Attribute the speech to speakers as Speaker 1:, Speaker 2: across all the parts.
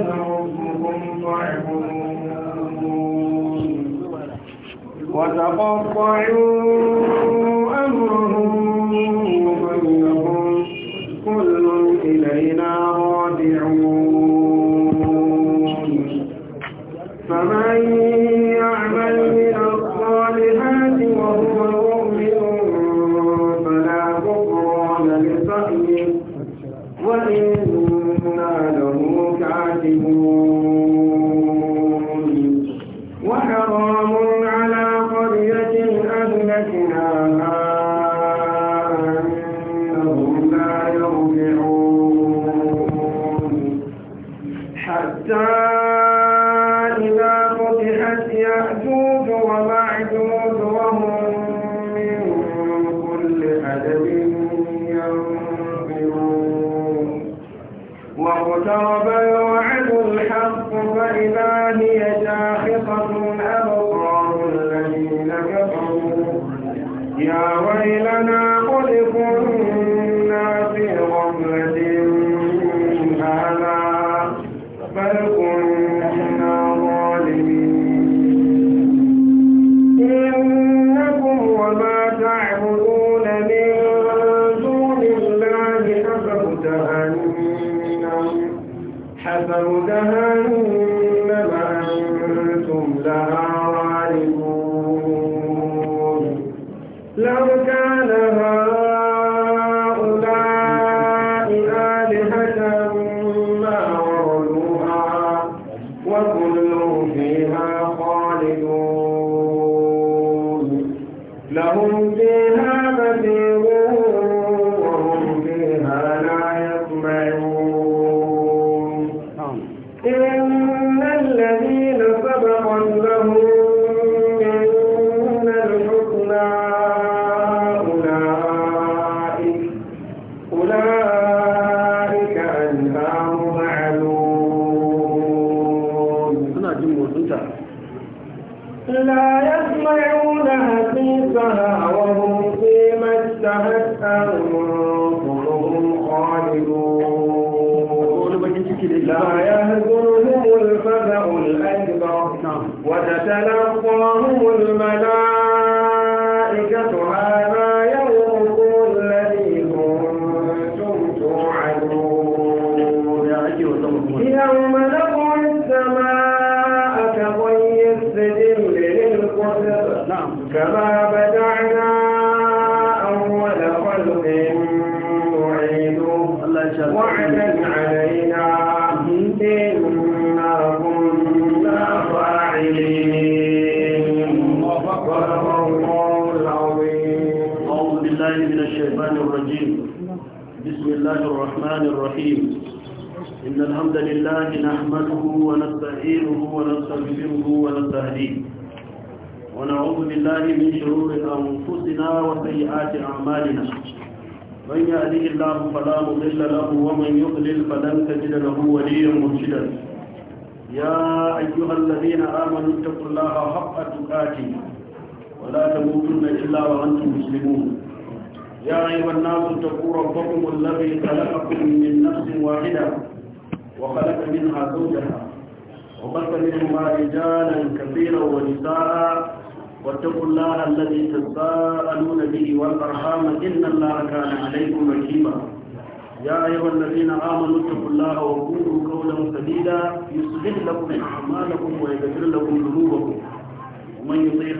Speaker 1: أنا ربكم فاعبدون وتقطعوا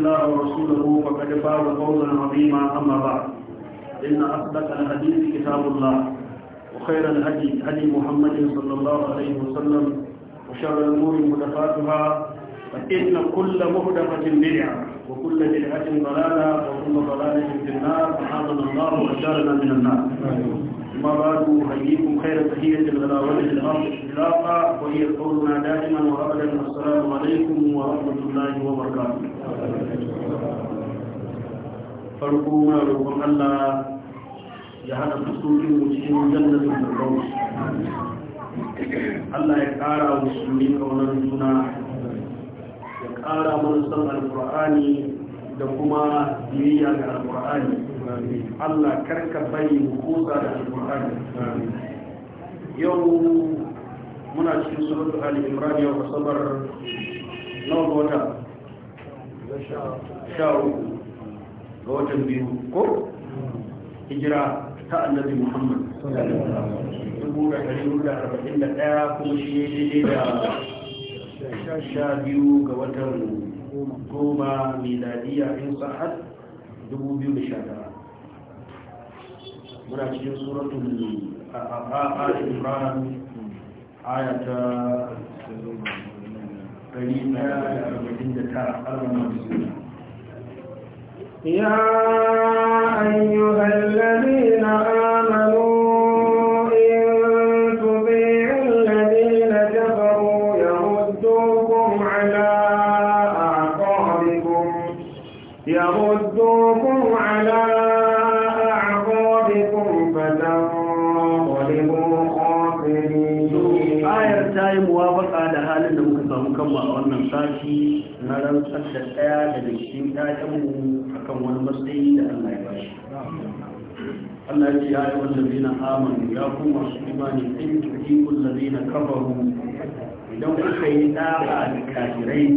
Speaker 2: الله ورسوله فقد فاز فوزا عظيما أما بعد إن أصدق الحديث كتاب الله وخير الهدي هدي محمد صلى الله عليه وسلم وشر الأمور محدثاتها فإن كل مهدفه بدعة وكل بدعة ضلالة وكل ضلالة في النار فحاضنا الله وأجارنا من النار ما بعد أحييكم خير تحية الغلاوة للأرض إطلاقا وهي قولنا دائما وأبدا السلام عليكم ورحمة الله وبركاته فرقونا لكم ألا جعل فسوكم مسلم جنة الفردوس Allah ya ƙara musulmi ƙaunar juna ya ƙara mana son alƙur'ani da kuma biyayya ga alƙur'ani Allah karka bari mu kusa da alƙur'ani yau muna cikin suratul ali imran yau asabar nawa ga wata sha uku ga watan biyu ko hijira ta annabi muhammad dubu da ɗari da arba'in da ɗaya kuma shi ne daidai da sha biyu ga watan goma miladiya in sa'ad dubu biyu da sha tara muna cikin suratul ali imran aya
Speaker 1: ta alama
Speaker 2: sashi na rantsar da ɗaya daga cikin ɗayanmu a kan wani matsayi da Allah ya bashi. Allah ya ce ya yi wanda zai na amanu ya kuma masu imani in tuki wanda zai na kafaru idan kuka yi ɗaba da kafirai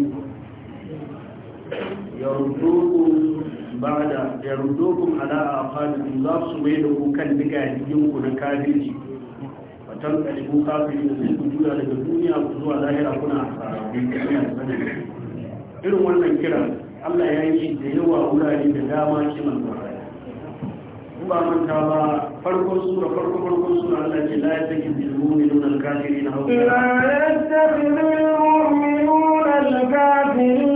Speaker 2: yarudokun ala a fadin za su mai da kukan diga jikinku na kafirci tan kalibu kafiri da sai ku juya daga duniya ku zuwa lahira kuna irin wannan kiran Allah ya yi da yawa wurare da dama kiran wurare in ba manta ba farkon sura farko farkon suna Allah ce la yattakhidhu al-mu'minuna al-kafirina hawla la
Speaker 1: yattakhidhu al-mu'minuna al-kafirina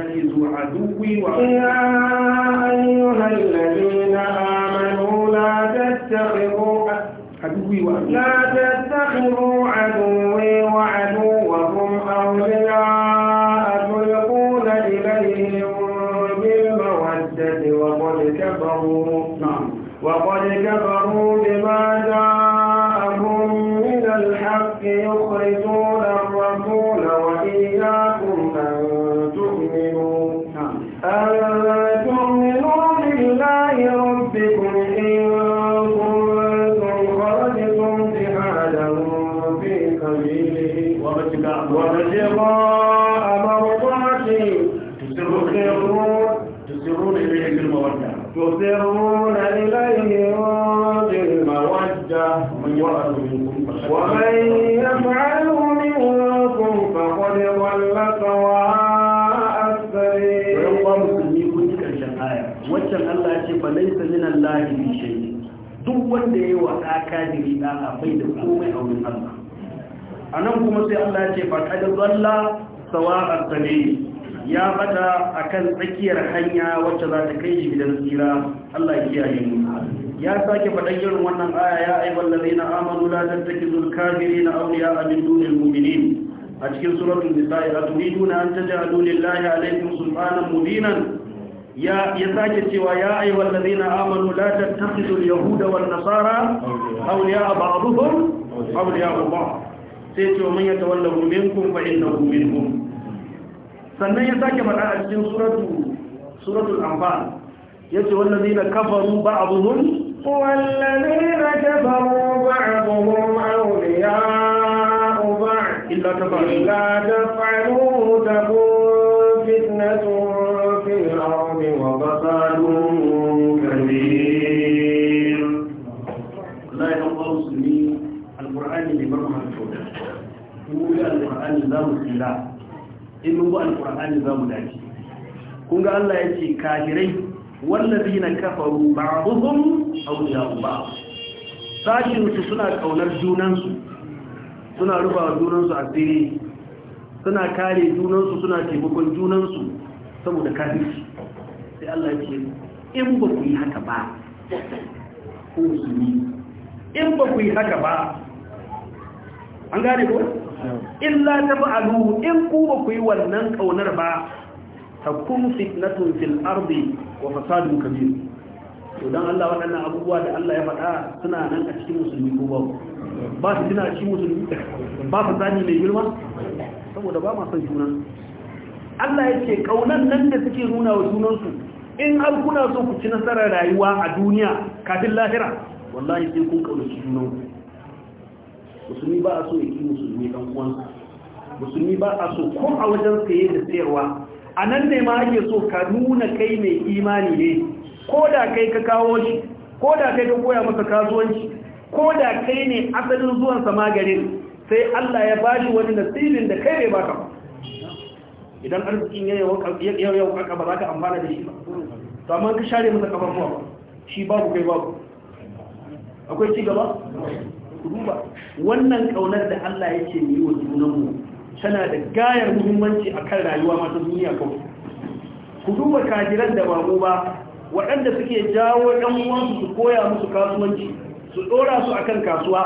Speaker 1: تتخذ عدوي يا أيها الذين آمنوا لا تتخذوا عدوي وعدوي لا تتخذوا عدوي وعدوكم أولياء تلقون إليهم بالمودة وقد كفروا نعم وقد كفروا بما
Speaker 2: min Allah bi shay duk wanda ya wa da kafiri da bai da komai a wurin Allah nan kuma sai Allah ya ce fa kad dalla a sabil ya a akan tsakiyar hanya wacce za ta kai shi gidan tsira Allah ya kiyaye mu ya sake faɗa irin wannan aya ya ayyuhal ladina amanu la tattakizul kafirina awliya min dunil mu'minin a cikin suratul nisa ya turiduna an taj'alu lillahi alaykum sultanan mubinan ya sake cewa ya ayyuhal na amanu la tattakhidhu al-yahuda wan nasara awliya ba'dhum awliya ba'd sai ce man yatawallahu minkum fa innahu minkum sannan ya sake faɗa a cikin suratu
Speaker 1: suratul anfal yace wallazina kafaru ba'dhum wallazina kafaru ba'dhum awliya'u ba'd illa tafa'alu la tafa'alu takun fitnatun
Speaker 2: in mun bi alqur'ani za mu dace kun ga Allah ya ce kafirai wallazina kafaru ba'dhum awliya'u ba'd sashin su suna kaunar junansu suna rubawa junansu asiri suna kare junansu suna taimakon junansu saboda kafirci sai Allah ce in ba ku yi haka ba ko musulmi in ba ku yi haka ba an gane ko illa taf'alu in ku ba ku yi wannan kaunar ba ta kun fitnatun fil ardi wa fasadun kabir to dan Allah waɗannan abubuwa da Allah ya faɗa suna nan a cikin musulmi ko babu ba su tana cikin musulmi ba su zani mai girma saboda ba ma son juna Allah ya ce kaunan nan da suke nuna wa junansu in har kuna so ku ci nasarar rayuwa a duniya kafin lahira wallahi sai kun kaunaci junanku musulmi ba a so ya ki musulmi dan uwansa musulmi ba a so ko a wajen saye da sayarwa a nan ne ma ake so ka nuna kai mai imani ne ko da kai ka kawo shi ko da kai ka koya masa kasuwanci ko da kai ne asalin zuwansa maganin sai Allah ya ba shi wani nasibin da kai bai baka idan arzikin ya yau kaka ba za ka amfana da shi ba to amma ka share masa kafafuwa shi babu kai babu akwai ci gaba ku wannan kaunar da Allah yake yi wa junanmu tana da gayar muhimmanci a kan rayuwa ma duniya kawai ku duba kajiran da babu ba waɗanda suke jawo ɗan uwansu su koya musu kasuwanci su ɗora su akan kasuwa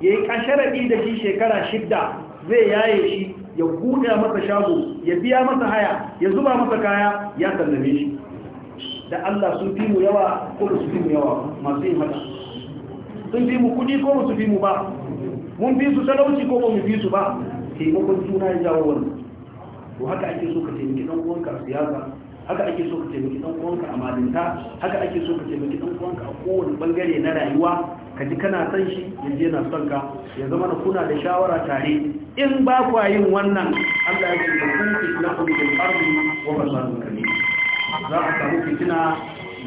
Speaker 2: ya yi ƙasharaɗi da shi shekara shidda zai yaye shi ya buɗe masa shago ya biya masa haya ya zuba masa kaya ya sallame shi da Allah sun fi mu yawa ko da su fi mu yawa masu yin haka sun fi mu kudi ko su fi mu ba mun fi su talauci ko ba mu fi su ba taimakon juna ya jawo wani to haka ake so ka taimaki dan uwanka a siyasa haka ake so ka taimaki dan uwanka a malinta haka ake so ka taimaki dan uwanka a kowane bangare na rayuwa ka ji kana son shi ya je na son ka ya zama na kuna da shawara tare in ba kwa yin wannan Allah ya ce ku kunti lakum bil ardi wa fasadun kabir za a samu fitina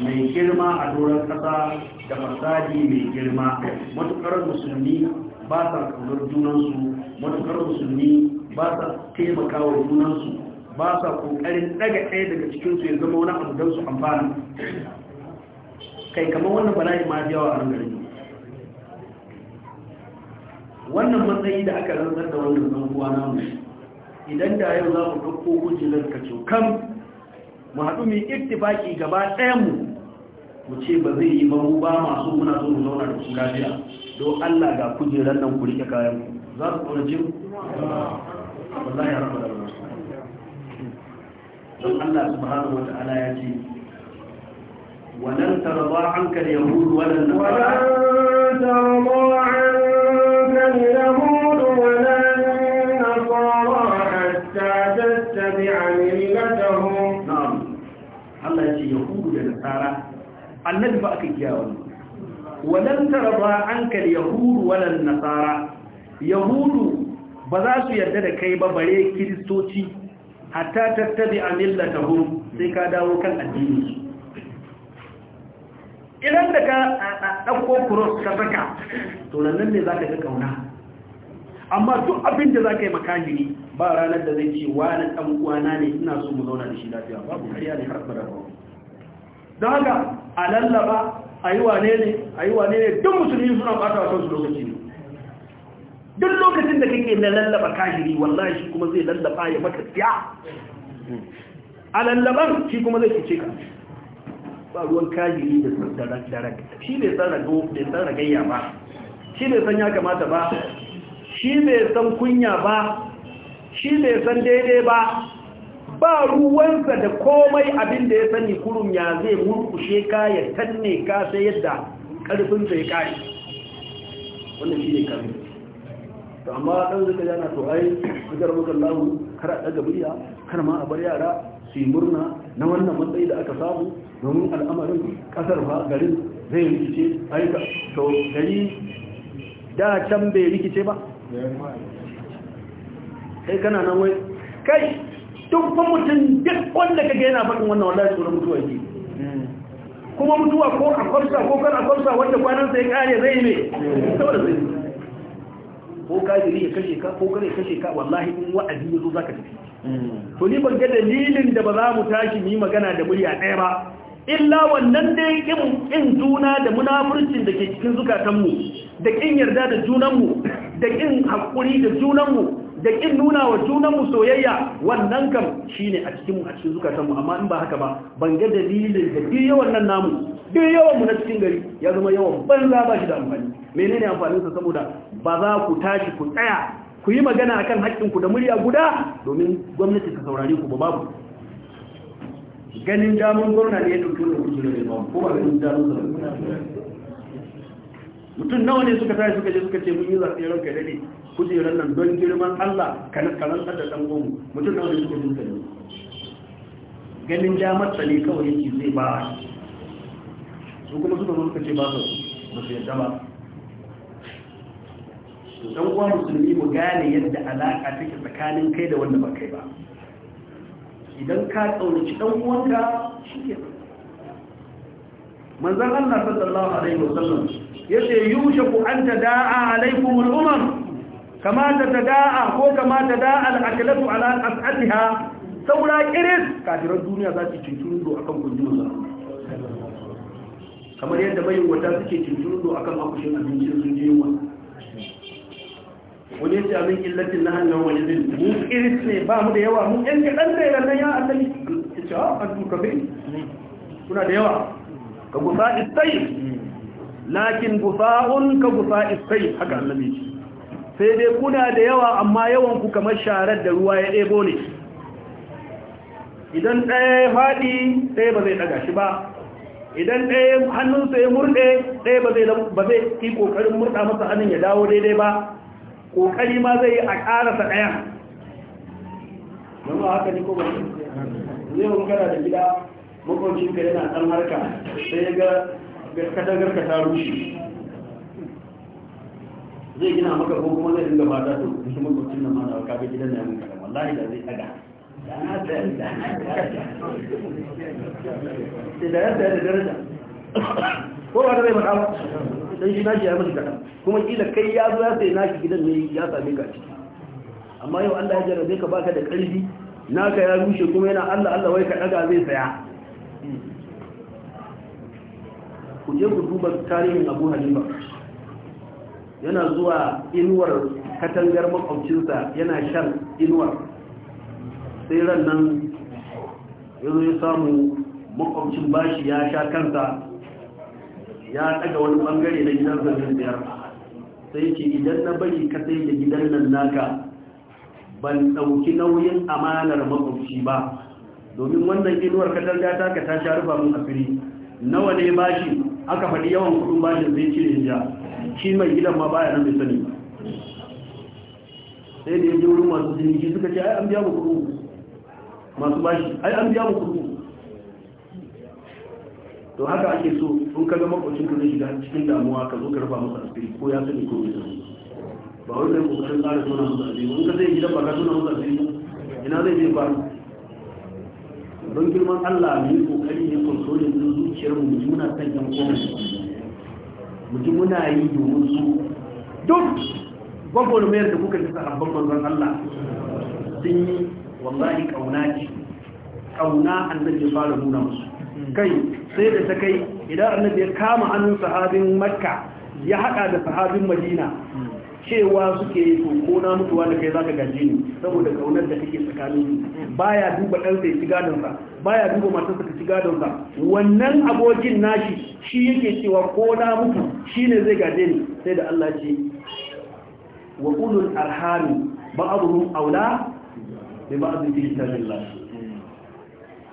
Speaker 2: mai girma a doron kasa da fasadi mai girma matukar musulmi ba sa kaunar junansu matukar musulmi ba sa taimaka wa junansu ba sa kokarin daga ɗaya daga cikinsu ya zama wani abu don su amfani kai kamar wannan bala'i ma yawa a rangarin wannan matsayi da aka rantsar da wannan zanguwa namu idan da yau za ku ɗauko hujjilar ka cokan mu haɗu mai ittifaki gaba mu. mu ce ba zai yi mu ba masu muna so mu zauna da su lafiya don Allah ga kujeran nan ku rike kayan ku za su kora jin wallahi rabu da rabu don Allah subhanahu wata'ala ya ce ولن ترضى عنك اليهود ولا النصارى
Speaker 1: حتى تتبع ملتهم نعم
Speaker 2: الله يقول يهود النصارى annabi ba aka kiya wani walan tarba anka yahudu walan nasara yahudu ba za su yarda da kai ba bare kiristoci hatta tattabi a sai ka dawo kan addini idan da ka ɗauko kuros ka saka to nan ne za ka ga kauna amma duk abin da za ka yi makani ba ranar da zai ce wa na ɗan uwana ne ina so mu zauna da shi lafiya babu kariya ne har ba da ba don haka a lallaba a yi wane ne a yi wane ne duk musulmi suna bata wa su lokaci ne duk lokacin da kake na lallaba kahiri wallahi shi kuma zai lallaba ya maka siya. a lallaban shi kuma zai fice ka ba ruwan kahiri da darak shi bai san ba shi bai san ya kamata ba shi bai san kunya ba shi bai san daidai ba ba ruwansa da komai abin da ya sani kurum ya zai murkushe ka ya tanne ka sai yadda ƙarfinsa ya kai wannan shi ne ƙarfi to amma ɗan zika yana to ai kujar muka lahu kar a ɗaga biya kar ma a bar yara su yi murna na wannan matsayi da aka samu domin al'amarin ƙasar ba garin zai rikice aika to gari da can bai rikice ba kai kana nan wai kai duk fa mutum duk wanda kaga yana faɗin wannan wallahi tsoron mutuwa ke. kuma mutuwa ko a kwafsa ko kar a kwafsa wanda kwanan sai kare zai ne saboda zai ko kafiri ya kashe ka ko kare kashe ka wallahi in wa'azi ya zo za ka tafi to ni ban ga dalilin da ba za mu tashi mu yi magana da murya ɗaya ba illa wannan dai kin juna da munafurcin da ke cikin zukatanmu da kin yarda da junanmu da kin hakuri da junanmu da kin nuna wa junan mu soyayya wannan kam shine a cikin mu a cikin zukatan mu amma in ba haka ba ban ga dalilin da duk yawan nan namu duk yawan mu na cikin gari ya zama yawan banza ba shi da amfani menene amfanin sa saboda ba za ku tashi ku tsaya ku yi magana akan haƙƙin ku da murya guda domin gwamnati ta saurare ku ba babu ganin damun gwamna ne ya dauki da kujeru ne ba ko ba ganin damun sa mutum nawa ne suka tashi suka je suka ce mun yi zafi ranka dade kujerar nan don girman Allah ka kanan da ɗan gomu mutum da wani suke jin ne ganin damar ta ne kawai yake zai ba su kuma suka zo suka ce ba su ba su yadda ba ɗan uwa musulmi mu gane yadda alaƙa take tsakanin kai da wanda ba kai ba idan ka tsauraci dan uwanka shi ke manzon Allah sallallahu alaihi wasallam yace yushaku an da'a alaikum al-umam kama ta da'a ko kama ta da'a al'akalatu ala as'aliha saura kiris kafiran duniya za su cinturundo akan kunjinsa kamar yadda mai wata suke cinturundo akan akushin abincin sun je yunwa wani yace abin illatin na hannun wani zin mu kiris ne ba mu da yawa mu yan kaɗan da yaran ya asali ce a an duka bai kuna da yawa ka gusa istai lakin gusa'un ka gusa istai haka annabi ce sai dai kuna da yawa amma yawanku kamar sharar da ruwa ya ɗebo ne idan ɗaya ya faɗi ɗaya ba zai ɗaga shi ba idan ɗaya hannunsa ya murɗe ɗaya ba zai yi ƙoƙarin murɗa masa hannun ya dawo daidai ba ƙoƙari ma zai yi a ƙarasa ɗaya zama haka ne ko ba zai wani kana da gida makwancinka yana ɗan harka sai ya ga garkatar garkata rushe zai gina maka ko kuma zai dinga za to shi makwabcin na mana da bi gidan nan kada wallahi da zai daga sai da yadda da da ko ba da zai na ba dan shi nashi ya mutu kuma kila kai ya zo ya sai na gidan ne ya same ka ciki amma yau Allah ya jarrabe ka baka da ƙarfi naka ya rushe kuma yana Allah Allah wai ka daga zai saya ku je ku duba tarihin Abu Hanifa yana zuwa inuwar katangar makwabcinsa yana shan inuwar sai ran nan yanzu ya samu makwabcin bashi ya sha kansa ya daga wani bangare na gidan zafin biyar sai ce idan na bari ka sai da gidan nan naka ban ɗauki nauyin amanar makwabci ba domin wannan inuwar katangata ta ta sha rufa mun asiri nawa ne bashi aka faɗi yawan kudin bashin zai cire ja shi mai gidan ma baya nan bai sani ba sai da ya je wurin masu ciniki suka ce ai an biya mu kudu masu bashi ai an biya mu kudu to haka ake so in ka ga makwacin ka zai shiga cikin damuwa ka zo ka rufa masa asiri ko ya sani ko bai Ba ba zai kai kokarin tsara suna masa asiri in ka zai gidan ba ka suna masa asiri ina zai je faru don girman Allah mu yi kokari ne konsole din zuciyar mu ji muna san yan mu ji muna yi domin su duk gwagwar mayar da kuka ji abban manzon Allah sun yi wallahi kauna ce kauna annabi ya fara nuna musu kai sai da ta kai idan annabi ya kama hannun sahabin makka ya haɗa da sahabin madina cewa suke yi ko na mutuwa da kai za ka gaji ni saboda kaunar da take tsakanin baya duba ɗansa ya ci gadonsa baya duba matarsa ta ci gadonsa wannan abokin nashi shi yake cewa ko na mutu shi ne zai gaje ni sai da Allah ce wa ulul arhami ba'dhum aula bi ba'd fi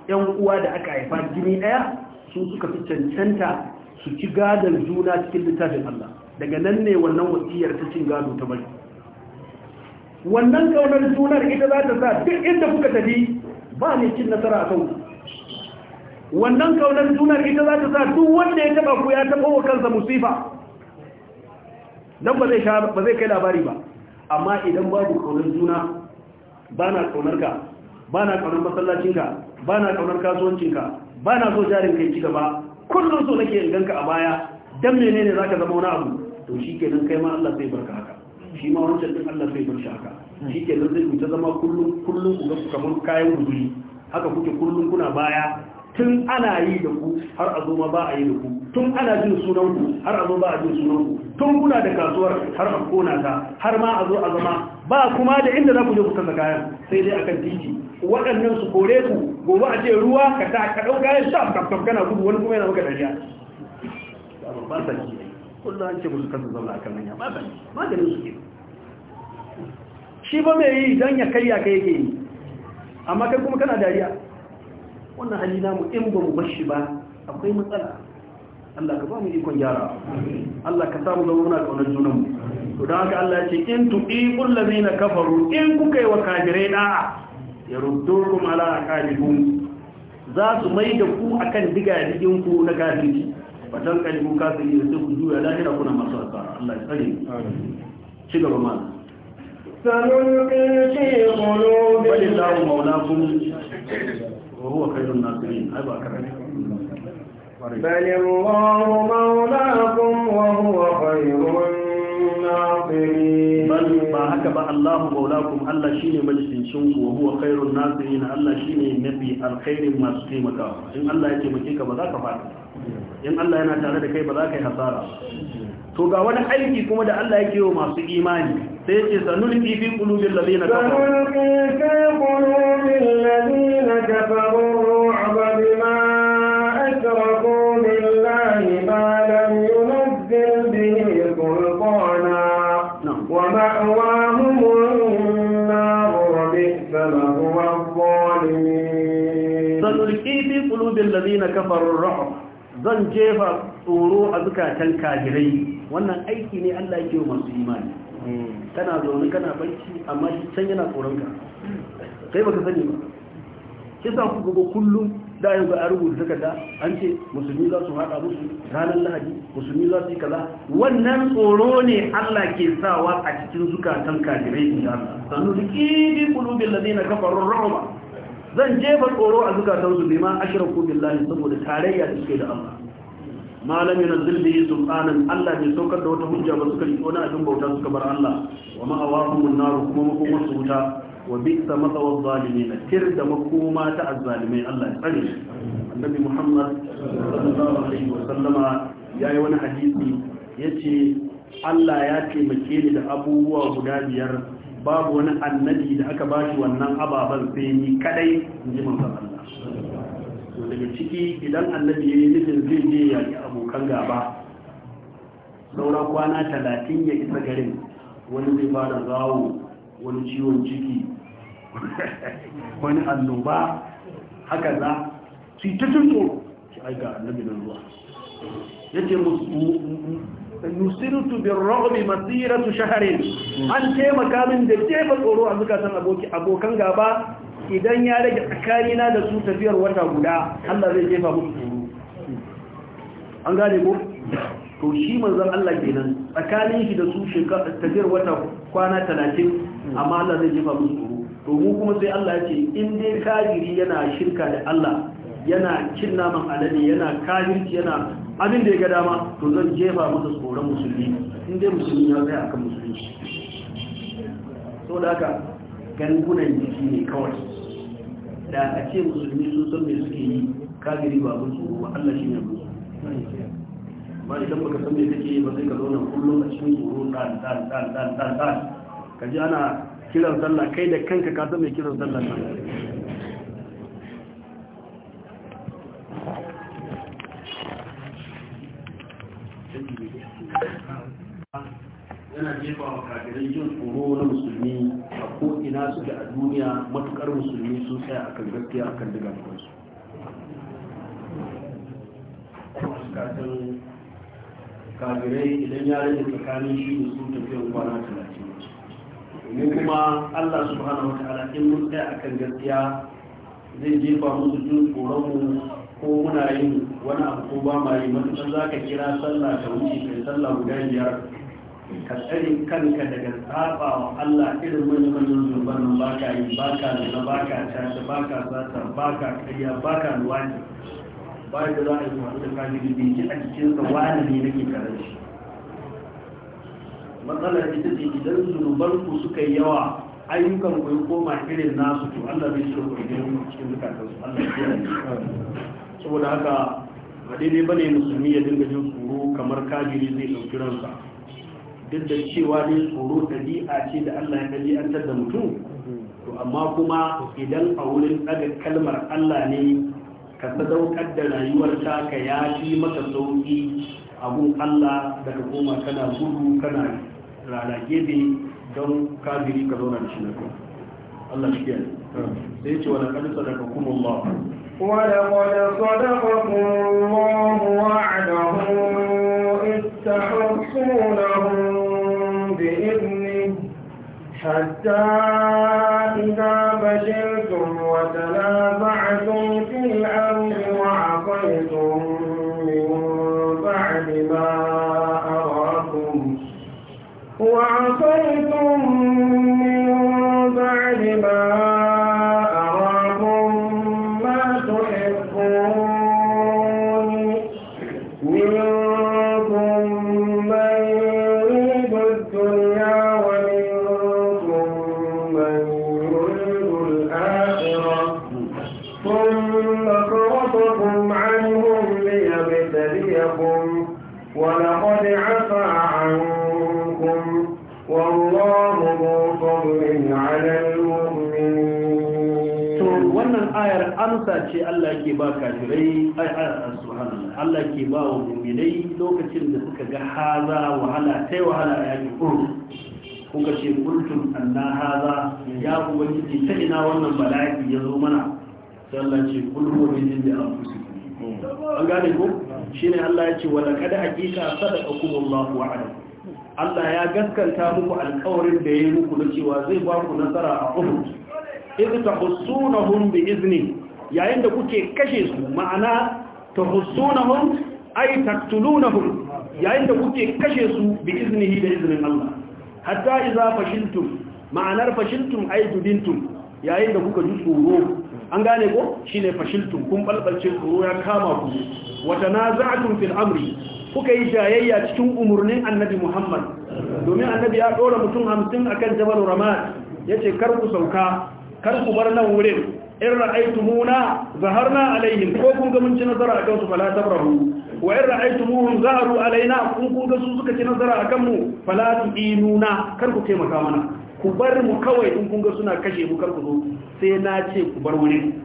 Speaker 2: yan uwa da aka haifa jini daya su suka fi cancanta su ci gadon juna cikin littafin Allah daga nan ne wannan wasiyar ta cin gado ta bari wannan kaunar sunar ita za ta sa duk inda kuka tafi ba ne cin nasara a kanku wannan kaunar sunar ita za ta sa duk wanda ya taba ku ya taba wa kansa musifa don ba zai kai labari ba amma idan babu kaunar juna ba na kaunar ka ba na kaunar masallacinka ba na kaunar kasuwancinka ba na so jarin kai ci gaba kullum so nake in ganka a baya dan menene zaka zama wani abu to shi nan kai ma Allah zai barka haka shi ma wancan din Allah zai barka haka shi nan zai ta zama kullum kullum ku ga kamar kayan guduri haka kuke kullum kuna baya tun ana yi da ku har a zo ma ba a yi da ku tun ana jin sunan ku har a zo ba a jin sunan ku tun kuna da kasuwar har a kona ta har ma a zo a zama ba kuma da inda za ku je ku kasa kayan sai dai akan titi waɗannan su kore ku gobe a ce ruwa ka ta ka ɗau kayan sha kana gudu wani kuma yana maka dariya ba ba sa kullum an ce musu kasu zauna akan hanya magani maganin su ke shi ba mai yi don ya karya ka yake yi amma kai kuma kana dariya wannan hali namu in ba mu bashi ba akwai matsala Allah ka ba mu ikon gyara Allah ka samu muna zauna kaunar junanmu to don haka Allah ce in tuqiqul na kafaru in kuka yi wa kafirai da'a yaruddukum ala a aqalikum za su mai da ku akan diga digin ku na kafirci fatan kalibu kafiri da sai ku juya lahira kuna masu asara Allah ya tsare ci gaba ma
Speaker 1: sanulqi fi qulubi walillahu mawlakum wa huwa khairun nasirin ai ba karami بل الله مولاكم وهو خير الناصرين ba haka ba Allahu maulakum Allah shine majalisin
Speaker 2: ku wa huwa khairun nasirin Allah shine nabi alkhairin masu taimakawa in Allah ya taimake ka ba za ka fada in Allah yana tare da kai ba za ka yi hasara to ga wani aiki kuma da Allah yake wa masu imani sai yake sanulqi fi qulubil ladina kafaru
Speaker 1: sanulqi fi qulubil ladina kafaru ru'ba bima qulubil ladina
Speaker 2: kafaru zan jefa tsoro a zukatan kafirai wannan aiki ne Allah yake masu imani kana zaune kana barci amma shi can yana tsoron ka kai baka sani ba shi sa ku gaba kullum da yanzu a rubuta takarda an ce musulmi za su haɗa musu ranar lahadi musulmi za su yi kaza wannan tsoro ne Allah ke sawa a cikin zukatan kafirai da Allah sanu
Speaker 1: liqi bi qulubil
Speaker 2: ladina kafaru ar-ru'b zan jefa tsoro a zukatansu bi ma ashraku billahi saboda tarayya da suke da Allah malam yana zilli sultanan Allah ne saukar da wata hujja ba suka riko na abin bauta suka bar Allah wa ma'awahum nar kuma makomar su wuta wa bi'sa matawaz na tir da makoma ta azzalimai Allah ya tsare annabi Muhammad sallallahu alaihi wa sallama yayi wani hadisi ya ce Allah ya taimake ni da abubuwa guda biyar babu wani annabi da aka ba shi wannan ababen sai ni kadai in ji manzon Allah to daga ciki idan annabi ya yi nufin zai je ya yi abokan gaba daura kwana talatin ya isa garin wani zai fara zawo wani ciwon ciki wani annoba haka za su yi ta tunto shi annabi nan zuwa ya ce yusirtu bin ra'ubi masiratu shaharin an taimaka min da ba tsoro a zukatan abokan gaba idan ya rage tsakanina da su tafiyar wata guda Allah zai jefa musu tsoro an gane ko to shi manzon Allah kenan tsakanin shi da su tafiyar wata kwana 30 amma Allah zai jefa musu tsoro to mu kuma sai Allah ya ce in dai kafiri yana shirka da Allah yana cin naman alade yana kafirci yana abin da ya ga dama to zan jefa masa tsoron musulmi inda dai musulmi ya zai akan musulunci so da haka gangunan jiki ne kawai da a ce musulmi sun san me suke yi kagiri ba abin tsoro ba Allah shi ne ba idan baka san me kake yi ba sai ka zauna kullum a cikin tsoro dan dan dan dan dan dan ka ji ana kiran sallah kai da kanka ka san me kiran sallah yana jefa wa kafirai jin tsoro na musulmi a ko'ina suke a duniya matukar musulmi sun tsaya akan gaskiya akan diga kansu kasan kafirai idan ya rage tsakanin shi da tafi tafiyan kwana talatin domin kuma allah subhanahu wa ta'ala in mun tsaya akan gaskiya zai jefa musu jin tsoron ko muna yin wani abu ko ba ma yi matuƙar za ka kira sallah ta wuce kai sallah guda biyar ka tsare kanka daga saba wa Allah irin manyan manyan zurban nan ba ka yi ba ka nuna ba ka tashi ba ka ta ba ka kariya ba ka luwaki ba da za a yi wasu da kafin binci a sa wani ne nake karar shi matsalar ita ce idan zunuban ku suka yi yawa ayyukan ku yi koma irin nasu to Allah bai shi ku cikin zukatansu Allah ya yi saboda haka ba daidai bane musulmi ya dinga jin tsoro kamar kajiri zai ɗauki ransa duk da cewa ne tsoro ɗabi'a ce da Allah ya kaji an da mutum to amma kuma idan a wurin ɗaga kalmar Allah ne ka sadaukar da rayuwar ka yafi maka sauki abun Allah daga koma kana gudu kana rana gefe don kajiri ka zauna da shi na kuma. Allah shi ne. sai ce wani ƙarfi sadaka kuma Allah
Speaker 1: ولقد صدقكم الله وعده إذ تحصونهم بإذنه حتى إذا بشرتم وتنازعتم في الأرض
Speaker 2: amsa ce Allah ke ba kafirai subhanallah Allah ke ba wa mu'minai lokacin da suka ga haza wahala sai wahala ya yakin Uhud kuka ce kuntum anna haza ya ubangiji ta ina wannan bala'i ya zo mana sai Allah ce kul huwa min inda
Speaker 3: anfusikum
Speaker 2: an gane ko shine Allah ya ce wa laqad haqiqa sadaqakum Allahu wa'ada Allah ya gaskanta muku alƙawarin da ya yi muku na cewa zai ba ku nasara a Uhud idh tahusunahum bi izni yayin da kuke kashe su ma'ana tahussunahum ay taqtulunahum yayin da kuke kashe su bi iznihi da iznin Allah hatta iza fashiltum ma'anar fashiltum ay judintum yayin da kuka ji tsoro an gane ko shine fashiltum kun balbalce tsoro ya kama ku wa tanaza'tum fil amri kuka yi jayayya cikin umarnin annabi Muhammad domin annabi ya ɗora mutum hamsin akan jabal ramad Ya ce kar ku sauka kar ku bar nan wurin in ra'aytumuna zaharna alaihim ko kun ga mun ci nasara akan su fala tabrahu wa in ra'aytumuhum zaharu alaina kun kun ga su suka ci nasara akan mu fala tu'inuna kar ku taimaka mana ku bar mu kawai in kun ga suna kashe mu kar ku zo sai na ce ku bar wani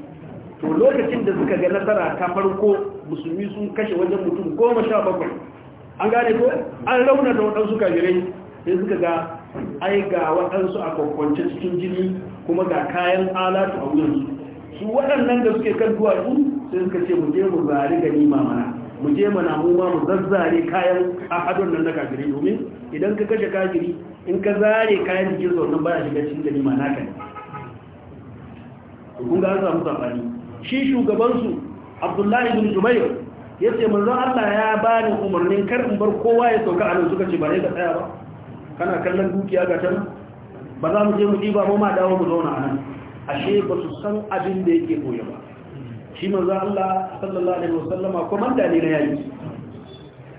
Speaker 2: to lokacin da suka ga nasara ta farko musulmi sun kashe wajen mutum goma sha bakwai an gane ko an rauna da waɗansu kafirai sai suka ga ai ga waɗansu a kwakwance cikin jini kuma ga kayan alatu a wurin su waɗannan da suke kan duwatsu sai suka ce mu je mu zari ganima mana mu je mana mu ma mu zazzare kayan ahadon nan na kafirai domin idan ka kashe kafiri in ka zare kayan jikin nan baya shiga cikin ganima kan ne kun ga an samu safani shi shugaban su abdullahi bin jumair ya ce manzon allah ya bani umarnin kar in bar kowa ya sauka a nan suka ce ba ne ka tsaya ba kana kallon dukiya ga tana ba za mu je mu ɗiba ma dawo mu zauna nan ashe ba su san abin da yake koya ba shi manzo Allah sallallahu alaihi wasallama da ne na yi.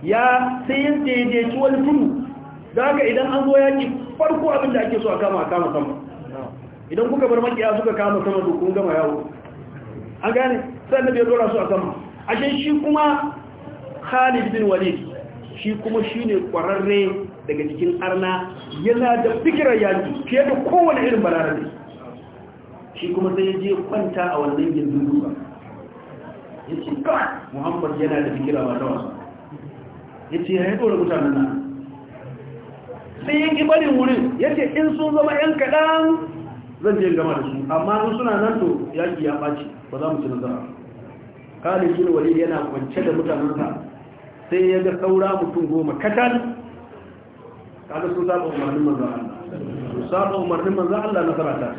Speaker 2: ya sai yin da yake tudu tun daga idan an zo yaki farko abin da ake so a kama a kama sama idan kuka bar makiya suka kama sama to kun gama yawo an gane sai annabi ya dora su a sama ashe shi kuma Khalid bin Walid shi kuma shine kwararre daga cikin arna yana da fikirar yaƙi fiye da kowane irin ne shi kuma sai ya je kwanta a wannan gindin duba ya ce kawai muhammad yana da fikira ba ta wasu ya ce ya yi tsoron mutanen nan sai ya ƙi barin wurin ya ce in sun zama ‘yan kaɗan zan je gama da su amma sun suna nan to yaki ya ɓaci ba za mu ci nazara kalin shi wali yana kwance da mutanensa sai ya ga saura mutum goma katal kaga sun saba umarnin manzon Allah sun saba umarnin manzon Allah na sarata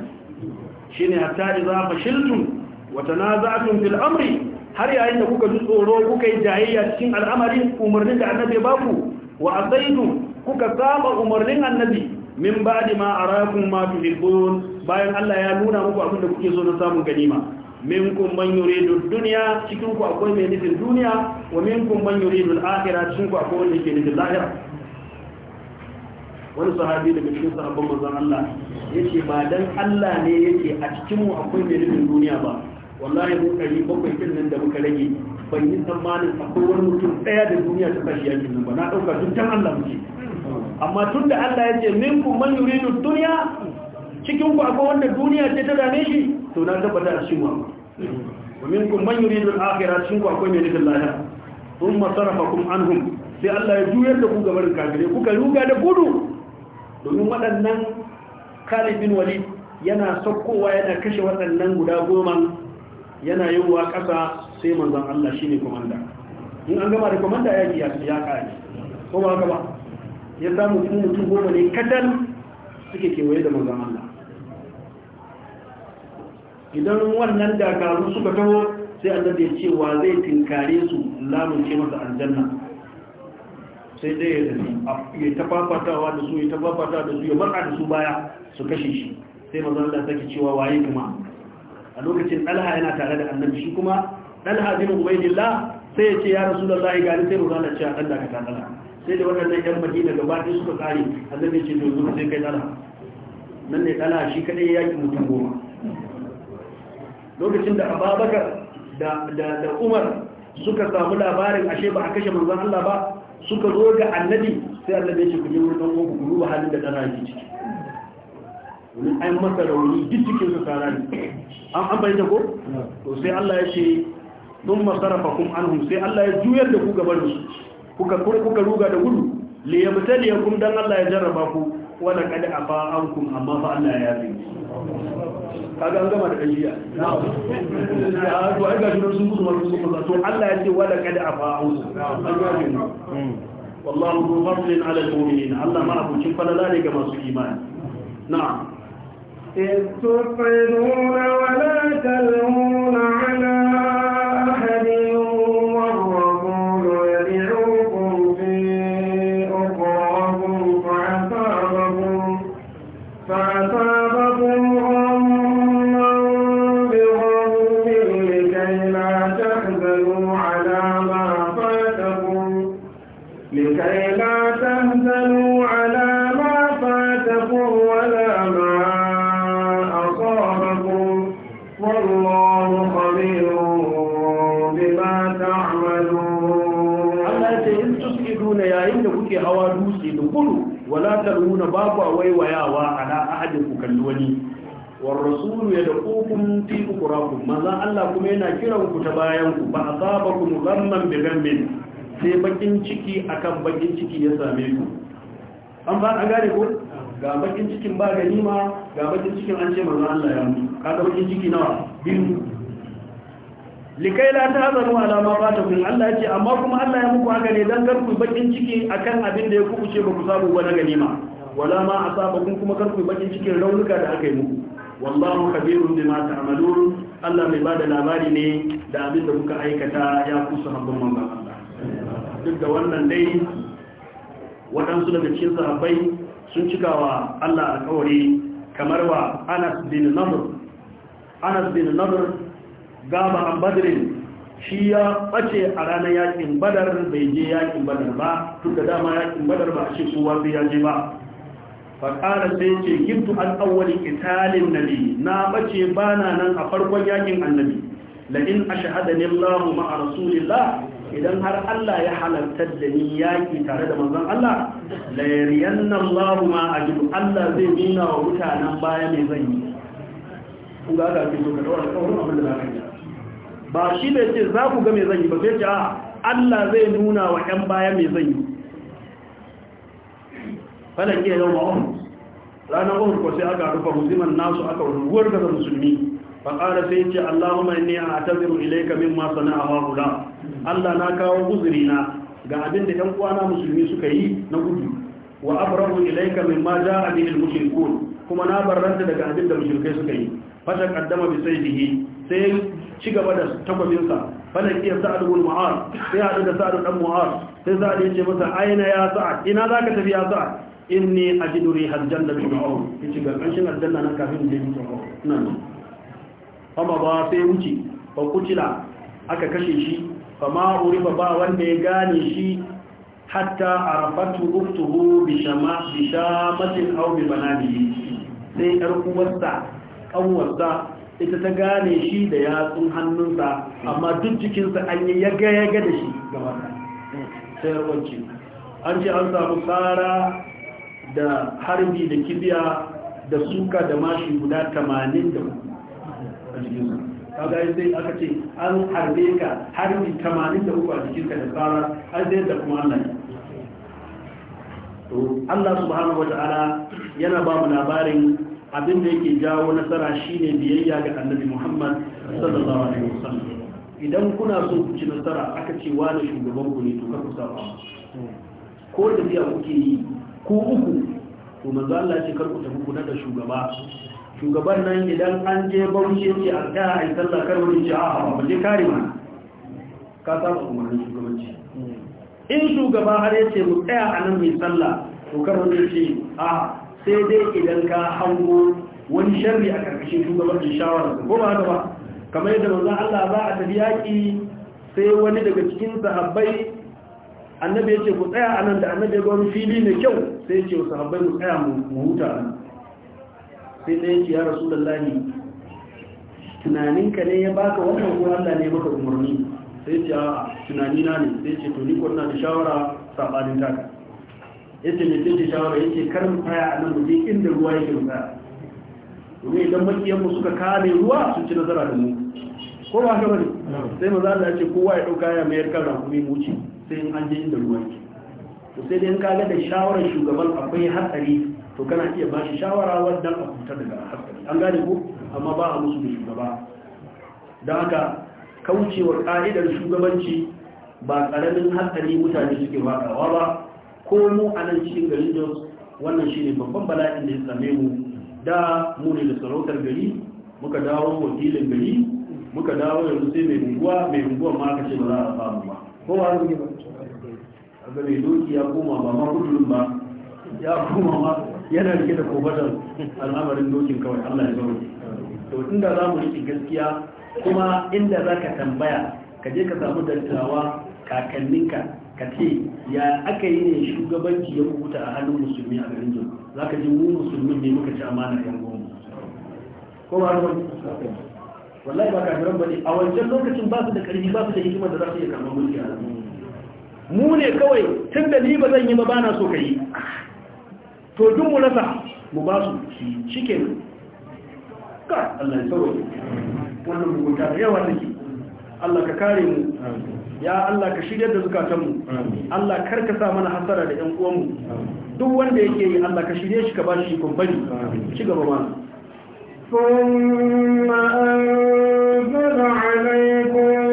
Speaker 2: shine hatta idza fashiltum wa fil amri har yayin da kuka ji tsoro kuka yi jayayya cikin al'amarin umarnin da annabi ba ku wa asaitu kuka saba umarnin annabi min ba'di ma arakum ma tuhibbun bayan Allah ya nuna muku abin da kuke so na samun ganima minkum man yuridu dunya cikin ku akwai mai nufin duniya wa minkum man yuridu al-akhirah cikin ku akwai wanda yake nufin lahira wani sahabi daga cikin sahabban manzon Allah yace ba dan Allah ne yake a cikin mu akwai mai duniya ba wallahi mu kai bakwai kin nan da muka rage ban yi tsammanin akwai wani mutum daya da duniya ta kashi yakin nan ba na dauka tun tan Allah muke amma tun da Allah yace minkum man yuridu dunya cikin ku akwai wanda duniya ce ta dame shi to na tabbata a cikin mu wa minkum man yuridu al-akhirah cikin ku akwai mai nufin lahira thumma sarafakum anhum sai Allah ya juyar da ku gaban kafirai kuka ruga da gudu domin waɗannan kalibin bin walid yana saukowa yana kashe waɗannan guda goma yana yiwuwa ƙasa sai manzan Allah shi ne komanda in an gama da komanda ya yi ya ƙari ko ba gaba ya samu kuma mutum goma ne kadan suke kewaye da manzan Allah idan wannan dakaru suka taho sai annabi ya ce wa zai tinkare su lamunce masa aljanna sai dai ya tafi ya tafafatawa da su ya tafafata da su ya matsa da su baya su kashe shi sai manzo Allah sake cewa waye kuma a lokacin Talha yana tare da annabi shi kuma Talha bin Ubaydillah sai ya ce ya Rasulullahi ga sai manzo Allah ce a ka daga Talha sai da waɗannan yan Madina gaba ɗaya suka kare annabi ce to zuwa sai kai Talha nan ne Talha shi kaɗai ya yaki mutum goma lokacin da Ababakar da Umar suka samu labarin ashe ba a kashe manzan Allah ba suka zo ga annabi sai annabi ya ce ku yi wurin dan uwanku ku duba halin da dana yake ciki wani an masa rauni duk cikin su tsara ne an an bayyana ko to sai Allah ya ce sun masarafa kun anhum sai Allah ya juyar da ku gaban su kuka kuka ruga da gudu li yabtaliyakum dan Allah ya jarraba ku wala kada a ba an kun amma fa Allah ya yafe kaga an gama da kajiya to ai ga shirin sun gudu wani sun to Allah ya ce wala kada a ba an an yafe mu hmm. wallahu hu fadlin ala almu'minin Allah ma abucin falala ne ga masu imani na'am
Speaker 1: إذ تفعلون ولا تلهون على
Speaker 2: tanzaruna ba ku waiwayawa a ala ahadin ku kalli wani war rasulu ya daqukum fi ukurakum maza Allah kuma yana kiran ku ta bayan ku ba a saba ku ghamman bi ghammin sai bakin ciki akan bakin ciki ya same ku an ba an gane ko ga bakin cikin ba ganima ga bakin cikin an ce manzo Allah ya mutu ga bakin ciki nawa biyu likai la ta hazanu ala ma kun Allah yace amma kuma Allah ya muku haka ne dan kar ku bakin ciki akan abin da ya kubuce ba ku samu wani na ganima wala ma asabakum kuma kar ku bakin cikin raunuka da aka yi muku wallahu kabirun bima ta'malun Allah mai bada labari ne da abin da kuka aikata ya kusa habban manzon Allah duk da wannan dai waɗansu daga cikin sahabbai sun cika Allah alƙawari kamar wa Anas bin Nadr Anas bin Nadr Gaba an badirin shi ya ɓace a ranar yakin badar bai je yakin badar ba tun da dama yakin badar ba a ce kowa bai ya je ba faƙara sai ce giftu an tsawali italin nabi na ɓace ba na nan a farkon yakin annabi la'in a shahada ne lahu ma'a rasulillah idan har Allah ya halartar da ni yaƙi tare da manzon Allah la yariyanna Allahu ma ajibu Allah zai nuna wa mutanen baya mai zan yi ku ga ka fito ka dawar kawai abin da za ka yi ba shi bai ce za ku ga mai zan ba sai ce a ah, Allah zai nuna wa ‘yan baya mai zanyi yi falon iya yau ma'on ranar ohun ko sai aka rufa musulman nasu aka ruwar daga musulmi Ba ƙara sai ce Allahumma ne a taziru ilaika min masu na hula Allah na kawo guzuri na ga abin da ‘yan kwana musulmi suka yi na gudu wa abrahu ilaika min ma ja abin mushrikun kuma na barranta daga abin da suka yi fata kaddama bi sayfihi sai ci gaba da takwabinsa fana iya sa'ad wal mu'ar sai haɗu da sa'ad dan mu'ar sai sa'ad ya ce masa aina ya sa'ad ina za ka tafi ya sa'ad inni ajidu rihal jannati ma'ahu yace ga kanshin aljanna nan kafin je mutum nan fama ba sai wuce ba kucila aka kashe shi fama uri ba wanda ya gane shi hatta arafatu uktuhu bi shama bi shamatin aw bi banabi sai yar uwarsa kanwarsa ita ta gane shi da yatsun hannunsa amma duk jikinsa an yi yaga-yaga da shi gaba ta sayarwanci an ce an samu tsara da harbi da kibiya da suka da mashi guda 80 a jikinsa kaga yi sai aka ce an harbe ka harbi 83 a jikinka da tsara an zai da kuma allah allah subhanahu wa ta'ala yana ba mu labarin abin da yake jawo nasara shine biyayya ga annabi Muhammad sallallahu alaihi wasallam idan kuna so ku ci nasara aka ce wani shugaban ku ne to ka kusa ba ko da biya kuke yi ko uku to manzo Allah ce kar ku tafi kuna da shugaba shugaban nan idan an je bauchi ce a ga ai sallah kar wani ji a ba je kare ma ka saba umarnin shugabanci in shugaba har yace mu tsaya a nan mai sallah to kar wani ce a sai dai idan ka hango wani sharri a karkashin shugabancin shawara ko ba haka ba kamar yadda manzo Allah ba a tafi yaki sai wani daga cikin sahabbai annabi ya ce ku tsaya a nan da annabi ga wani fili mai kyau sai ce sahabbai mu tsaya mu huta sai dai ce ya rasu tunaninka ne ya baka wannan ko Allah ne maka umarni sai ce tunani na ne sai ce to ni ko ina da shawara sabanin taka yace mai tace shawara yace karin mu a nan mu inda ruwa yake mu domin idan makiyan suka kame ruwa su ci nazara da mu ko ba haka bane sai maza Allah ya ce kowa ya dauka ya mayar kan rakumi mu sai in an je inda ruwa yake to sai dai in kaga da shawarar shugaban akwai hatsari to kana iya bashi shawara wadda a kuta daga hatsari an gane ko amma ba a musu da shugaba don haka kaucewa ka'idar shugabanci ba karamin hatsari mutane suke wakawa ba ko mu a nan cikin garin jos wannan shi ne babban bala'in da ya same mu da mu ne da sarautar gari muka dawo wakilin gari muka dawo yanzu sai mai unguwa mai unguwa ma aka ce ba za a samu ba ko ba ne ba ga mai doki ya koma ba ma kudurin ba ya koma ma yana rike da kofatar al'amarin dokin kawai allah ya zaune to inda za mu riƙe gaskiya kuma inda za ka tambaya ka je ka samu dattawa kakanninka ka ce ya aka yi ne shugabanci ya kuta a hannun musulmi a garin jirgin za ka ji mu musulmin ne muka ci amana yan goma ko ba ruwan wallahi ba kafiran bane a wancan lokacin ba su da karfi ba su da hikimar da za su iya karɓar mulki a mu ne kawai tun da ni ba zan yi ba bana so ka yi to duk mu rasa mu ba su shi cikin ka Allah ya sauke wannan mugunta da yawa take Allah ka kare mu ya Allah ka shirya da zukatanmu Allah kar ka sa mana hasara da ƴan uwanmu duk wanda yake yi Allah ka shirye shi ka ba shi kumbari ci gaba ma
Speaker 1: ثم أنزل عليكم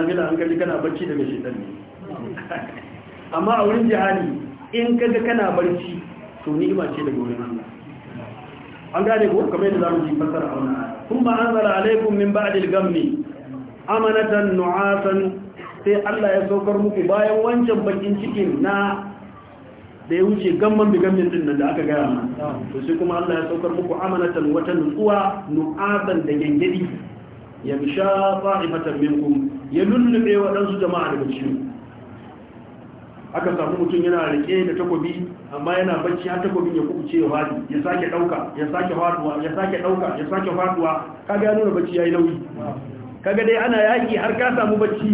Speaker 2: nafila an kaji kana barci daga shaitan ne amma a wurin jihadi in kaga kana barci to ni'ima ce daga wurin Allah an gane ko kamar yadda za mu ji fasara a kun ba an zara alaikun min ba adil gamni amanatan nu'asan sai Allah ya saukar muku bayan wancan bakin cikin na da ya wuce gamman bigamin din nan da aka gaya ma to sai kuma Allah ya saukar muku amanatan wata nutsuwa nu'azan da gengedi ya bisha fa'ifatan minkum ya lullube waɗansu jama'a daga cikin aka samu mutum yana rike da takobi amma yana bacci har takobin ya kubuce ya fadi ya sake dauka ya sake faduwa ya sake dauka ya sake faduwa kaga ya nuna bacci yayi nauyi kaga dai ana yaki har ka samu bacci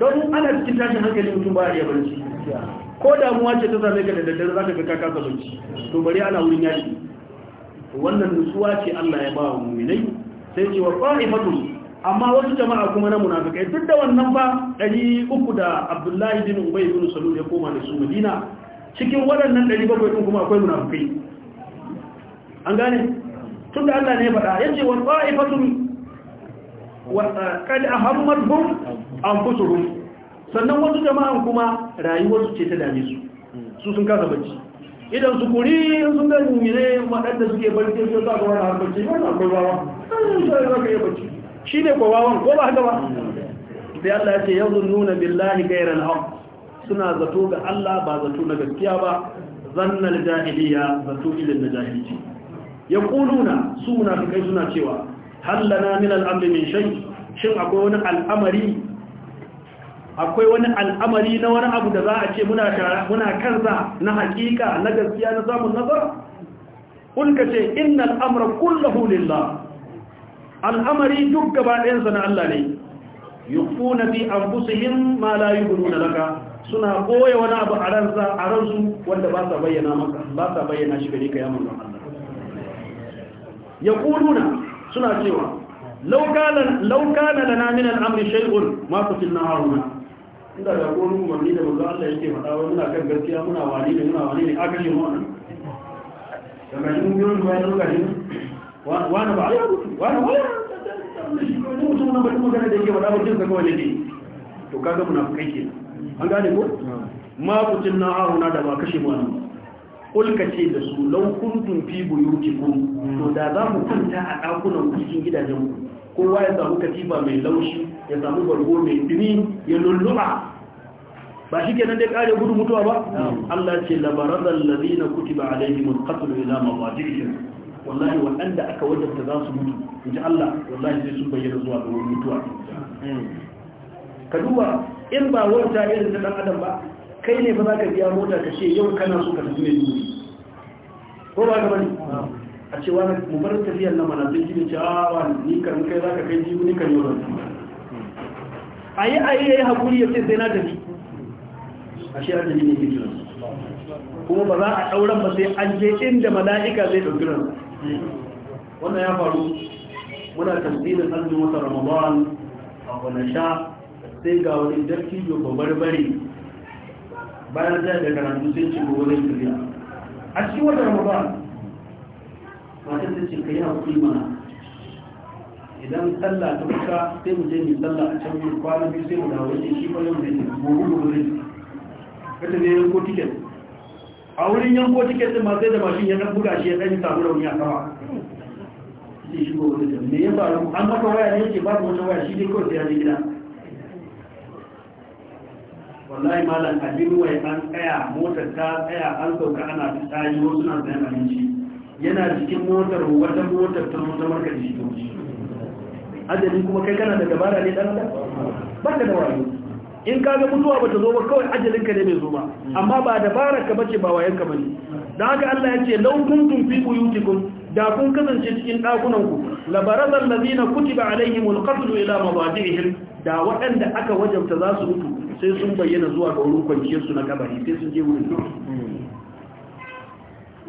Speaker 2: don ana cikin tashin hankali mutum ba ya bacci ko damuwa ce ta same ka da daddare zaka ga ka kasa bacci to bari ana wurin yaki wannan nutsuwa ce Allah ya ba wa mu'minai sai ce wa fa'ifatun amma wasu jama'a kuma na munafikai duk da wannan ba ɗari uku da abdullahi bin ubai bin salul ya koma da su madina cikin waɗannan ɗari bakwai ɗin kuma akwai munafikai an gane tun da allah ne faɗa ya ce wa fa'ifatun eh, kada a hammadhum an fusurum sannan wasu jama'an kuma rayuwarsu ce ta dame su su sun kasa bacci idan su kuri sun ga ne waɗanda suke barci sai za ga wani harbarci wani akwai bawa shi ne kowawan ko ba haka ba sai Allah ya ce yanzu nuna billahi gairan haq suna zato ga Allah ba zato na gaskiya ba zannal jahiliya zato ilin na jahilci ya kuluna su munafikai suna cewa hallana min al'amri min shay shin akwai wani al'amari akwai wani al'amari na wani abu da za a ce muna kansa na hakika na gaskiya na samun nazar kun ka ce innal amra kullahu lillah al'amari duk gaba ɗayansa na Allah ne yukfuna fi anfusihim ma la yughnuna laka suna koya wani abu a ransa a ransu wanda ba sa bayyana maka ba sa bayyana shi gare ka ya manzon Allah yaquluna suna cewa law kana law kana lana ma su amri shay'un ma qutilna haruna inda da gonu mamni da manzon Allah ya yake faɗa wai muna kan gaskiya muna wani ne muna wani ne aka ce mu wannan daga cikin gurin bayan lokacin wani ba ya mutu wani ba
Speaker 3: ya
Speaker 2: mutu na ba magana da yake ba dawo jin sakawa ne to kaga kai ke an gane ko ma kutin na aruna da ba kashe mu anan kulka ce da su lau kuntum fi buyutikum to da za mu kwanta a dakunan cikin gidajen ku kowa ya samu katifa mai laushi ya samu bargo mai dini ya lulluba ba shi kenan dai kare gudu mutuwa ba Allah ce labarazal ladina kutiba alaihimul qatl ila mawajihim wallahi waɗanda aka wajabta za su mutu in ji Allah wallahi sai sun bayyana zuwa ga wani mutuwa ka duba in ba wata irin ta ɗan adam ba kai ne ba za ka biya mota ka ce yau kana so ka tafi mai dubu ko ba ka bane a ce wani mubarar tafiyar na mana zai gini ce awa ah, ni kan kai za ka kai jibi ni kan yau a yi a yi ya yi hakuri ya ce sai na tafi a shi ajali ne ke jiran kuma ba za a ɗauran ba sai an je inda mala'ika zai ɗauki ransa wannan ya faru muna tanzilin hannun wata ramadan a kwanasha sai ga wani dattijo babbar bari bayan zai da karatu sai ci gobe zai a cikin wata ramadan masu ta ce ka kuɗi mana idan sallah ta kuka sai mu je mu tsalla a can mu kwana biyu sai mu dawo shi shi da ke gobe gobe zai ka ko tiket a wurin yanko tiket din ma da mashin ya buga shi ya dan samu rauni a sama sai shigo wani da me ya faru an maka waya ne yake babu wata waya shi dai kawai sai ya je gida wallahi malam abin wai an tsaya motar ta tsaya an sauka ana tsari wasu na tsayan abinci yana cikin motar wata motar ta motar markar shi to ajali kuma kai kana da dabara ne dan adam baka da wayo in ka ga mutuwa ba ta zo ba kawai ka ne mai zo ba hmm. amma ba dabarar ka bace ba wayan ka bane dan haka Allah ya ce law kuntum fi buyutikum da kun kasance cikin dakunan ku la barazal ladina kutiba alaihimul qatl ila mawadihim da waɗanda aka wajabta za su mutu sai sun bayyana zuwa ga wurin kwanciyar su na kabari sai sun je wurin hmm.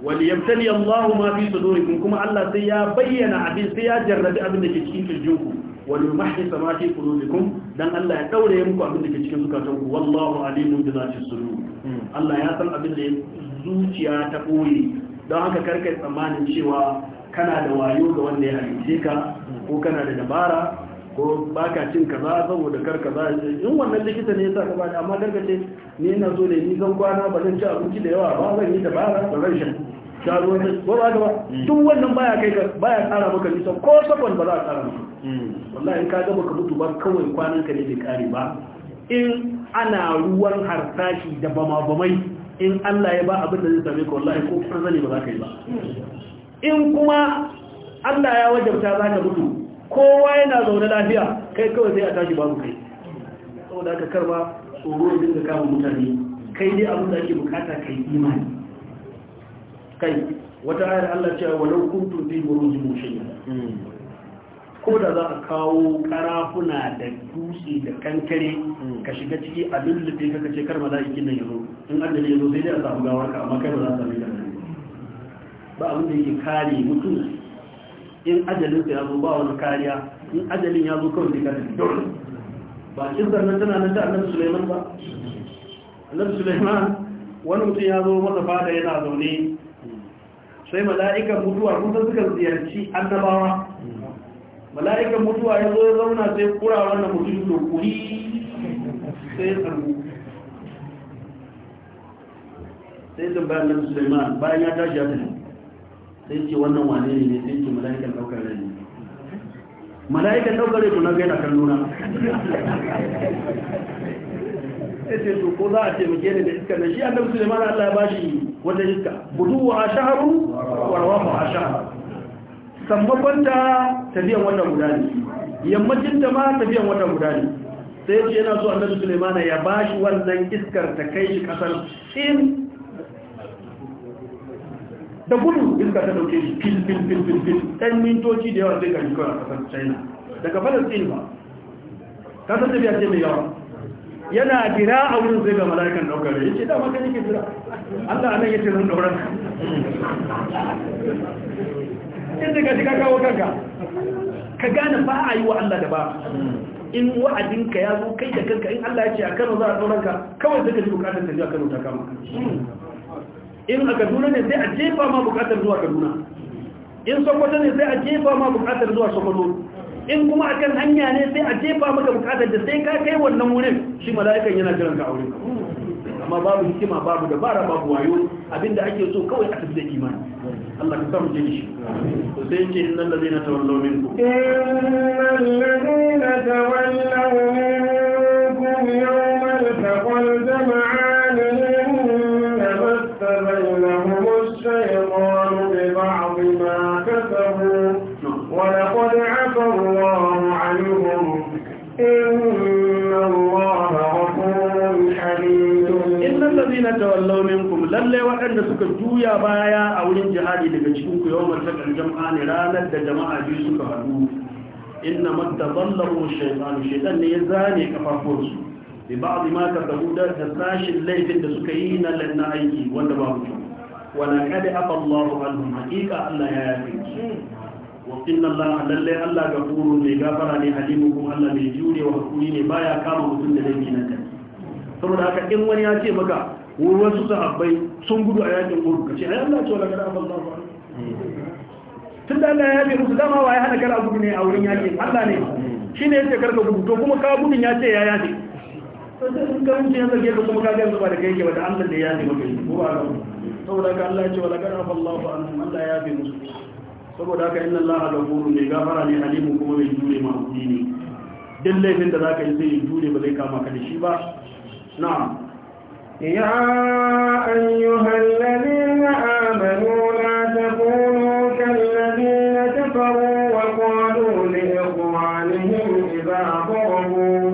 Speaker 2: wal yabtali Allahu ma fi sudurikum kuma Allah sai ya bayyana abin sai ya jarrabi abin da ke cikin kirjinku wani mahi sama ke kulubikun don Allah ya daure muku abin da ke cikin zukatan ku wallahu alimun bi zati sudur Allah ya san abin da zuciya ta koyi don haka karka tsammanin cewa kana da wayo ga wanda ya halice ka ko kana da dabara ko baka cin kaza saboda kar kaza in wannan likita ne yasa ka bani amma karka ce ni ina so ne ni zan kwana ba zan ci abinci da yawa ba zan yi dabara ba zan shan sharuwar da ko ba ba hmm. duk wannan baya kai baya tsara maka nisa ko sakon ba za a tsara maka hmm. wallahi in ka gaba ka mutu ba kawai kwanan ka ne bai kare ba in ana ruwan harsashi da bama bamai in Allah ya ba abin da zai same ka wallahi ko kuma zane ba za ka yi ba in kuma Allah ya wajabta za ka mutu kowa yana zaune lafiya kai kawai sai a tashi babu kai saboda aka karba tsoro da kama mutane kai dai abin da ake bukata kai imani kai wata ayar Allah cewa walau kuntum fi burujin mushayya ko da za a kawo karafuna da dutse da kankare ka shiga ciki a lullube ka kace kar mala'ikin nan yazo in Allah ya zo sai dai a samu gawar ka amma kai ba za ka sami da ba abin da yake kare mutum in ajalin ya zo ba wani kariya in ajalin ya zo kawai ka tafi dole ba kin zannan tana nan da Annabi Sulaiman ba Annabi Sulaiman wani mutum ya zo masa fada yana zaune sai mala'ikan mutuwa kusa suka ziyarci annabawa mala'ikan mutuwa ya zo ya zauna sai kura wannan mutum da kuri sai ya tsargu sai sun bayan nan suleiman bayan ya tashi ya tafi sai ce wannan wane ne sai ce mala'ikan daukar rai ne mala'ikan ɗaukar rai tunan gaina kan nuna sai ce su ko za a ce taimake ne da iska da shi annabi suleiman allah ya bashi wata iska wa shaharu warwafa a shaharu sammakon ta tafiyan wata guda ne yammacin ta ma tafiyan wata guda ne sai ce yana so annabi sulemana ya ba shi wannan iskar ta kai shi kasar in da gudu iska ta dauke shi fil fil fil fil fil ɗan mintoci da yawa zai kan shi kawai a kasar china daga falastin ba kasar tafiya ce mai yawa yana jira a wurin zai ga mala'ikan daukar yake da maka yake jira Allah nan yake zan daura
Speaker 3: in ka shiga kawo kanka
Speaker 2: ka gane ba a yi wa Allah da ba in wa'adinka ya zo kai da kanka in Allah ya ce a Kano za a dauran ka kawai zai ka ji bukatar zuwa Kano ta kama in a Kaduna ne sai a jefa ma bukatar zuwa Kaduna in Sokoto ne sai a jefa ma bukatar zuwa Sokoto in kuma akan hanya ne sai a jefa maka bukatar da sai ka kai wannan wurin shi mala'ikan yana jiran ka aure amma babu hikima babu dabara babu wayo abinda ake so kawai a tafi da imani Allah ka samu jini shi to sai yake inna ladina tawallaw minkum
Speaker 1: inna ladina tawallaw minkum
Speaker 2: tawallaw minkum lalle waɗanda suka juya baya a wurin jihadi daga cikin ku yawmal taqal jama'a ne ranar da jama'a biyu suka hadu inna madallahu shaytanu shaytan ne ya zane kafafuwarsu bi ba'd ma kadabu da tasashin laifin da suka yi na lanna aiki wanda ba mutum wala kad afallahu anhum haqiqa Allah ya yafe wa inna Allah lalle Allah gafuru ne gafara ne halimu kuma Allah mai jure wa hakuri ne baya kama mutum da laifi na kai saboda haka in wani ya ce maka wasu sahabbai sun gudu a yakin gudu ka ce ai Allah ce wala kada amma Allah ba tun da Allah ya yabe musu dama waye hana kada gudu ne a wurin yakin Allah ne shine yace karka gudu to kuma ka gudun ya ce ya yabe to sai sun karanci yanzu ke kuma ka ga yanzu ba da kai ke wata Allah da ya yabe maka ko ba ga saboda ka Allah ce wala kada amma Allah ba Allah ya yabe musu saboda haka inna Allah ghafurun ne gafara ne halimu kuma mai jure ma ne duk
Speaker 1: laifin da zaka yi sai ya jure ba zai kama ka da shi ba na'am يا أيها الذين آمنوا لا تكونوا كالذين كفروا وقالوا لإخوانهم إذا ضربوا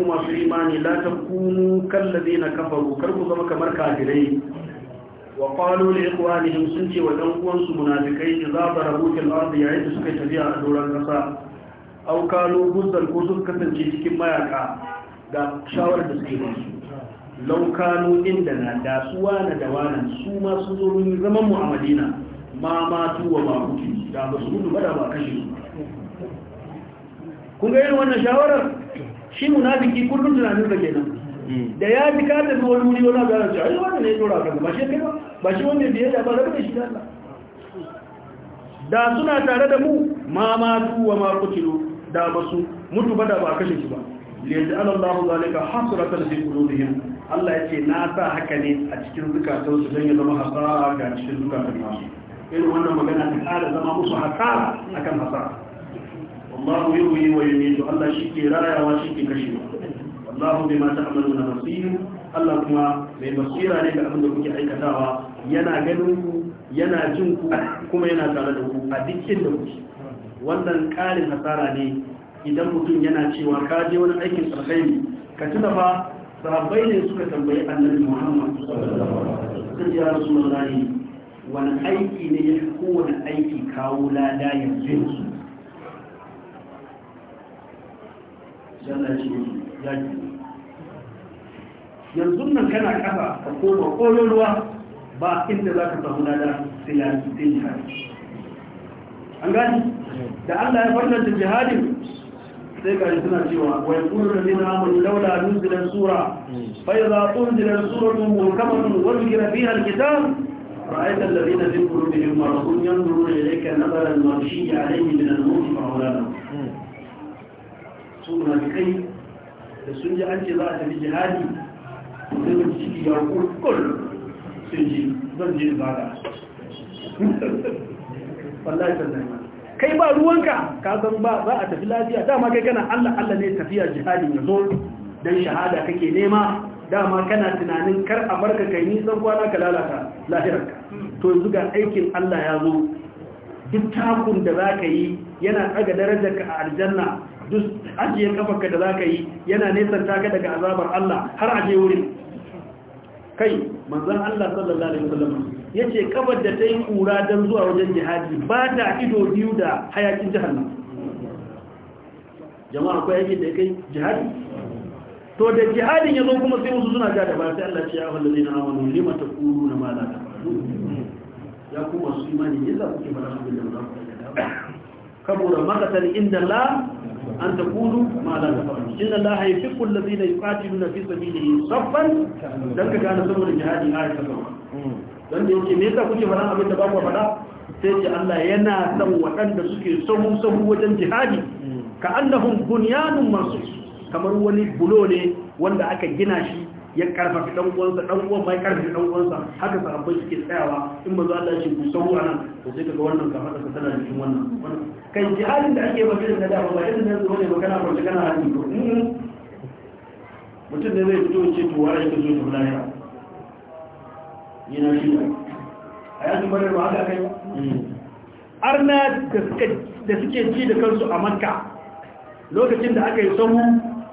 Speaker 2: ku masu imani la takunu na kafaru karku ku zama kamar kafirai wa ya kuwa ne sun ce wa ɗan'uwansu uwan ne za idza darabu fil yayin da suka tafiya a doron ƙasa. au kalu guzzal ko sun kasance cikin mayaka ga shawarar da suke masu lau kano inda na da na dawana su masu su zo mun zaman mu a Madina ma matu wa ma da ba su gudu ba da ba kashe su kun ga irin wannan shawarar shi munafiki kullum tunanin da kenan hmm. da ya ji ka tafi wani wuri wani abu ya ce ai wani ne dora ka ba shi kai ba ba shi wani biye da ba rabu da shi da da suna tare da mu ma ma tu wa ma kutilu da ba su mutu ba da ba kashe shi ba liyaji alallahu zalika hasuratan fi qulubihim Allah ce na sa haka ne a cikin zukatan su don ya zama hasara ga cikin zukatan masu irin wannan magana ta kara zama musu hasara akan hasara Allahu yuhyi wa yumiitu Allah shi ke rayawa shi ke kashewa wallahu bima ta'maluna basir Allah kuma mai basira ne ga abin da kuke aikatawa yana ganin yana jin ku kuma yana tare da ku a dikin da kuke wannan ƙarin hasara ne idan mutum yana cewa ka je wani aikin alkhairi ka tuna fa sahabbai ne suka tambayi annabi Muhammad sun ji rasulullahi wani aiki ne ya fi kowane aiki kawo lada yanzu yana ce yaki yanzu nan kana kafa ka koma kololuwa ba inda za ka samu nada sai yaki sai jihadi an gani da Allah ya farlanta jihadin sai ga suna cewa wai kullu ladina amanu laula nuzila sura fa idza unzila suratun muhkamatun wa dhikra fiha alkitab ra'aita alladhina fi qulubihim maradun yanzuruna ilayka nadara al-maghshi alayhi min al-maut fa'ulana da kai da sun ji an ce za a tafi jihadi da da ciki ya kurkul sun ji zan je ibada wallahi kai ba ruwanka ka zan ba za a tafi lafiya dama kai kana Allah Allah ne tafiya jihadi ya zo dan shahada kake nema dama kana tunanin kar a barka kai san kwana ka lalata lahirarka to yanzu ga aikin Allah ya zo duk takun da za ka yi yana tsaga darajarka a aljanna duk ajiye kafarka da za ka yi yana nesan taka daga azabar Allah har aje wurin kai manzan Allah sallallahu alaihi wasallam yace kafar da ta yi kura don zuwa wajen jihadi ba ta ido biyu da hayakin jahannam jama'a akwai yake da kai jihadi to da jihadin yazo kuma sai musu suna ga da ba sai Allah ya ce ya ahlul ladina amanu lima taquluna ma la taqulun ya kuma su imani ne za ku ke fara abin da za ku aikata kabura maqatan inda Allah an taqulu ma la tafalun inna allaha yuhibbu alladhina yuqatiluna fi sabilihi saffan don ka gane saboda jihadi ayat ta gaba don da yake me yasa kuke faɗa abin da ba ku faɗa sai ce Allah yana son waɗanda suke sahu sahu wajen jihadi ka annahum bunyanun marsus kamar wani bulo ne wanda aka gina shi ya karfafi dan uwansa dan uwan bai karfafi dan uwansa haka sahabbai suke tsayawa in manzo Allah shi ku sahu anan to sai kaga wannan kafa da tana cikin wannan kai jihadin da ake bakin da dawo ba irin zuwa ne magana ko ta kana hadi ko mutum ne zai fito ce to wara yake zo ta lahira yana shi a yanzu bare ba haka kai mm. arna da suke da suke ci da kansu a makka lokacin da aka yi sahu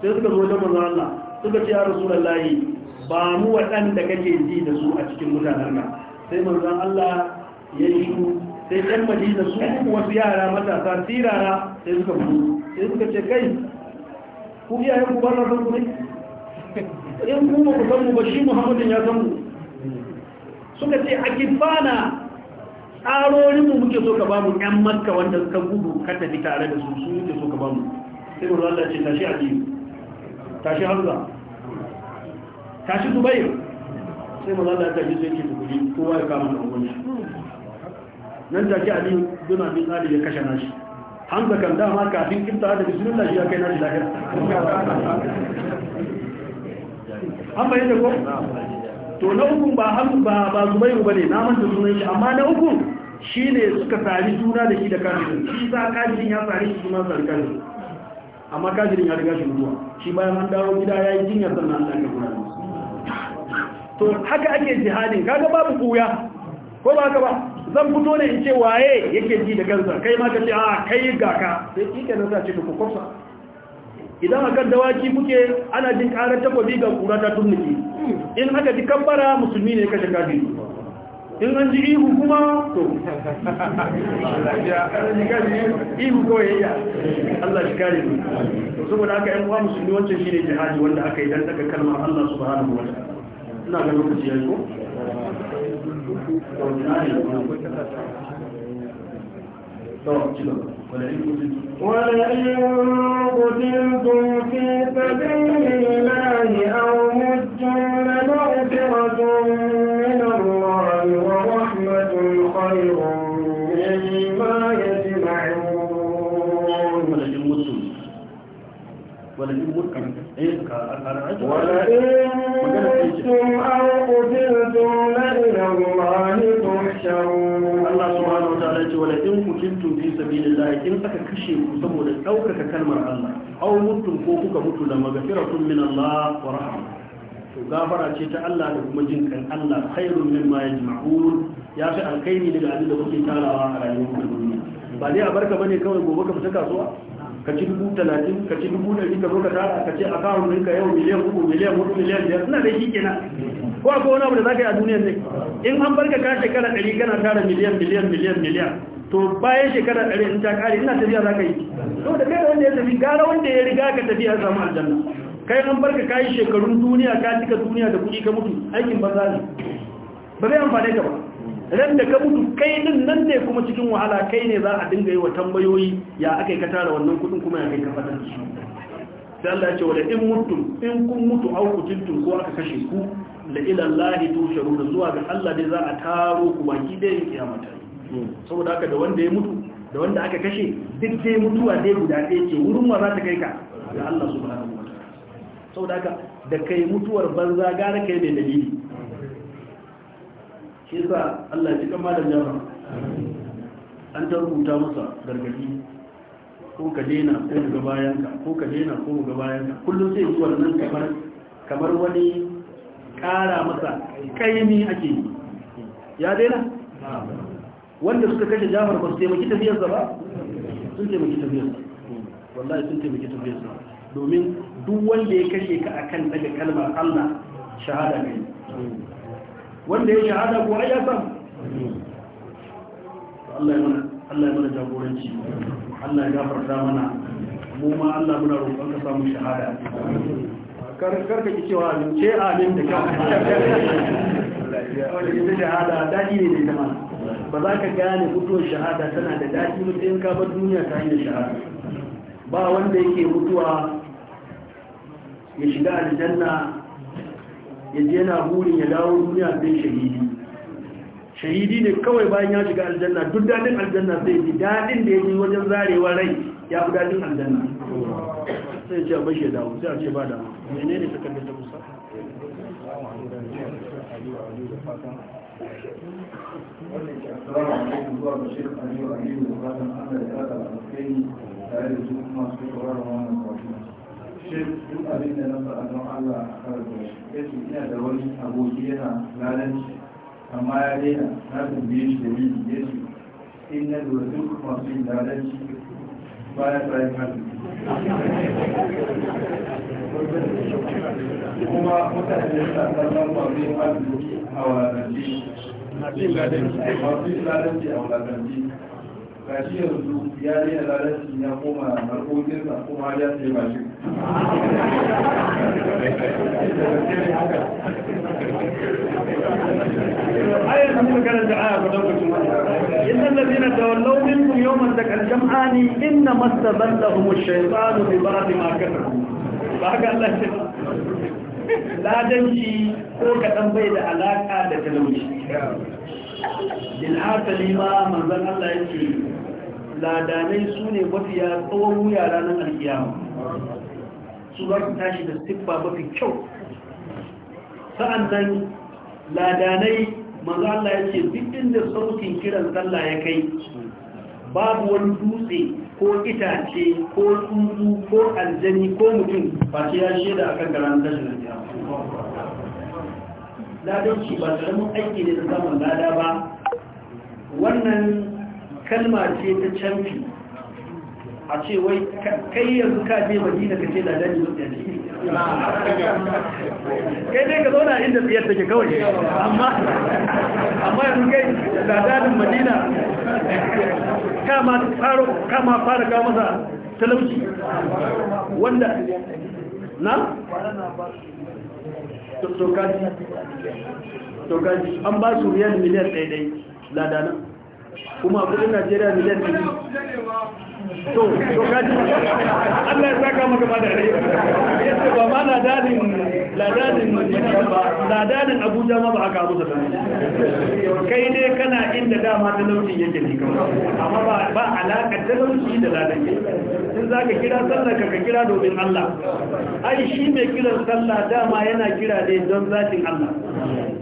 Speaker 2: sai suka zo da manzon Allah suka ce ya layi. ba mu waɗanda kake ji da su a cikin mutanen nan sai manzon Allah ya yi shiru sai ɗan madina su wasu yara matasa tirara sai suka fito sai suka ce kai ku iyayen ku barna san ku ne in kuma ba ku san mu ba shi muhammadin ya san mu suka ce a kifana tsarorin mu muke so ka ba mu ƴan makka wanda suka gudu ka tafi tare da su su muke so ka ba mu sai mu Allah ce tashi a jiyu tashi hamza tashi dubai sai maza da ta ji sai ke dubai kowa ya kama da wani nan take ali bin abi talib ya kashe nashi hamza kan dama kafin kifta da bismillah ya kai nashi lahira an bayyana ko to na hukun ba hamza ba ba ba ne na manta sunan shi amma na hukun shine suka tari juna da shi da kafin shi sa kafin ya tari shi ma sarkar amma kajirin ya riga shi mutuwa shi bayan an dawo gida ya yi jinyar sannan an ya kula
Speaker 3: to haka ake jihadin
Speaker 2: kaga babu kuya ko ba haka ba zan fito ne in ce waye yake ji da kansa kai ma ka ce a ah, kai ga ka sai kike nan za ce ku kofa idan aka dawaki kuke ana jin karar takobi ga kura ta tunnuki in aka ji kabbara musulmi ne kashe kafiri in an ji ihu kuma to ihu ko ya Allah shi kare mu to saboda haka yi musulmi wancan jihadi wanda aka yi a daga kalmar Allah subhanahu wa ta'ala ina ga lokaci
Speaker 1: قتلتم في سبيل الله أو لمغفرة من ورحمة خير مما يجمعون ولئن متم
Speaker 2: ولئن متم ولئن أو
Speaker 1: قتلتم لإلى الله تحشرون الله سبحانه وتعالى ولئن
Speaker 2: قتلتم في سبيل الله إن سكا كشي كسبوا لأوكك كلمة الله أو متم فوقك متم لما غفرة من الله ورحمة gafara ce ta Allah da kuma jin kan Allah khairun mimma yajma'un ya fi alkaini daga abin da kuke tarawa a rayuwar duniya ba dai a barka bane kawai gobe ka fita kasuwa ka ci dubu talatin ka ci dubu ɗari ka zo ka tara ka ce a kawo ninka yau miliyan uku miliyan hudu miliyan biyar suna da shi kenan ko akwai wani abu da za ka yi a duniyar ne in an barka ka shekara ɗari kana tara miliyan miliyan miliyan miliyan to bayan shekara ɗari in ta ƙare ina tafiya za ka yi to da kai da wanda ya tafi gara wanda ya riga ka tafiya samu aljanna kai an barka kayi shekarun duniya ka cika duniya da kuɗi ka mutu aikin za ne ba zai amfane ka ba ran da ka mutu kai din nan ne kuma cikin wahala kai ne za a dinga yi wa tambayoyi ya aka yi ka tara wannan kuɗin kuma ya kai ka fatan shi sai Allah ya ce wala in mutu in kun mutu au kutiltum ko aka kashe ku la ila Allah tusharuna zuwa ga Allah dai za a taro ku baki da kiyamata saboda haka da wanda ya mutu da wanda aka kashe duk dai mutuwa dai guda ɗaya ce wurin wa za ta kai ka ga Allah subhanahu wa saboda haka da kai mutuwar banza gara kai mai dalili shi sa Allah ya cika da jama an ta rubuta masa gargadi ko ka dena ko ga bayanka ko ka dena ko ga bayanka kullum sai zuwa nan kamar kamar wani kara masa kaimi ake yi ya dena wanda suka kashe jafar ba su taimaki tafiyarsa ba sun taimaki tafiyarsa wallahi sun taimaki tafiyarsa domin duk wanda ya kashe ka akan daga kalmar Allah shahada ne wanda ya shahada ko ya san Allah ya mana Allah ya mana jagoranci Allah ya gafarta mana mu ma Allah muna roƙon ka samu shahada kar kar ka ki cewa ce amin da ka shahada daɗi ne da ita ba za ka gane mutuwar shahada tana da daɗi mutum ka bar duniya ta hanyar shahada ba wanda yake mutuwa ya shiga aljanna ya je yana burin ya dawo duniya sai shahidi shahidi ne kawai bayan ya shiga aljanna duk dadin aljanna sai ji dadin da ya ji wajen zarewa rai ya fi dadin aljanna sai ce abin ya dawo sai a ce ba da mene ne suka da musa ya
Speaker 3: tsada shi
Speaker 2: duk abin da na faɗa don Allah a karɓar shi yake ina da wani aboki yana lalanci amma ya daina na tambaye shi da miji ya ce in na lura duk masu yin lalanci bayan bayan hannu
Speaker 3: kuma mutane da
Speaker 2: sannan masu yin hannu a wadatanci masu yin lalanci a wadatanci إن
Speaker 1: الذين تولوا منكم
Speaker 2: يوم ذكى الجمعاني إنما استبن الشيطان ببعض ما كتبوا. فهك الله سبحانه لا تنشي قوك تنبيد علاقة تنوشي din ne ma manzan Allah ya ce ladanai su ne mafiya tsawon wuya ranar alkiyama su za su tashi da siffa mafi kyau sa'an nan ladanai manzan Allah ya ce duk inda sautin kiran sallah ya kai babu wani dutse ko itace ko tsuntsu ko aljani ko mutum ba ce ya shaida akan garantar shi da ladanci ba karamin aiki ne da samun lada ba wannan kalma ce ta canfi a ce wai kai yanzu ka je madina ka ce ladani zuwa yanzu
Speaker 3: kai dai ka zauna inda
Speaker 2: tsayar take kawai amma amma yanzu kai ladanin madina kama kama fara ga masa talauci wanda na? tokaji an ba su riyar miliyan ɗaiɗai ladana kuma kudin najeriya miliyan
Speaker 3: ɗaiɗai to to kaji Allah ya saka maka ba da rai yace ba ma ladanin ladanin ba ladanin Abuja ma ba aka
Speaker 2: musa kai ne kana inda dama talauci yake ne amma ba ba alaka talauci da ladan in zaka kira sallar ka ka kira domin Allah ai shi mai kiran sallah dama yana kira ne don zatin Allah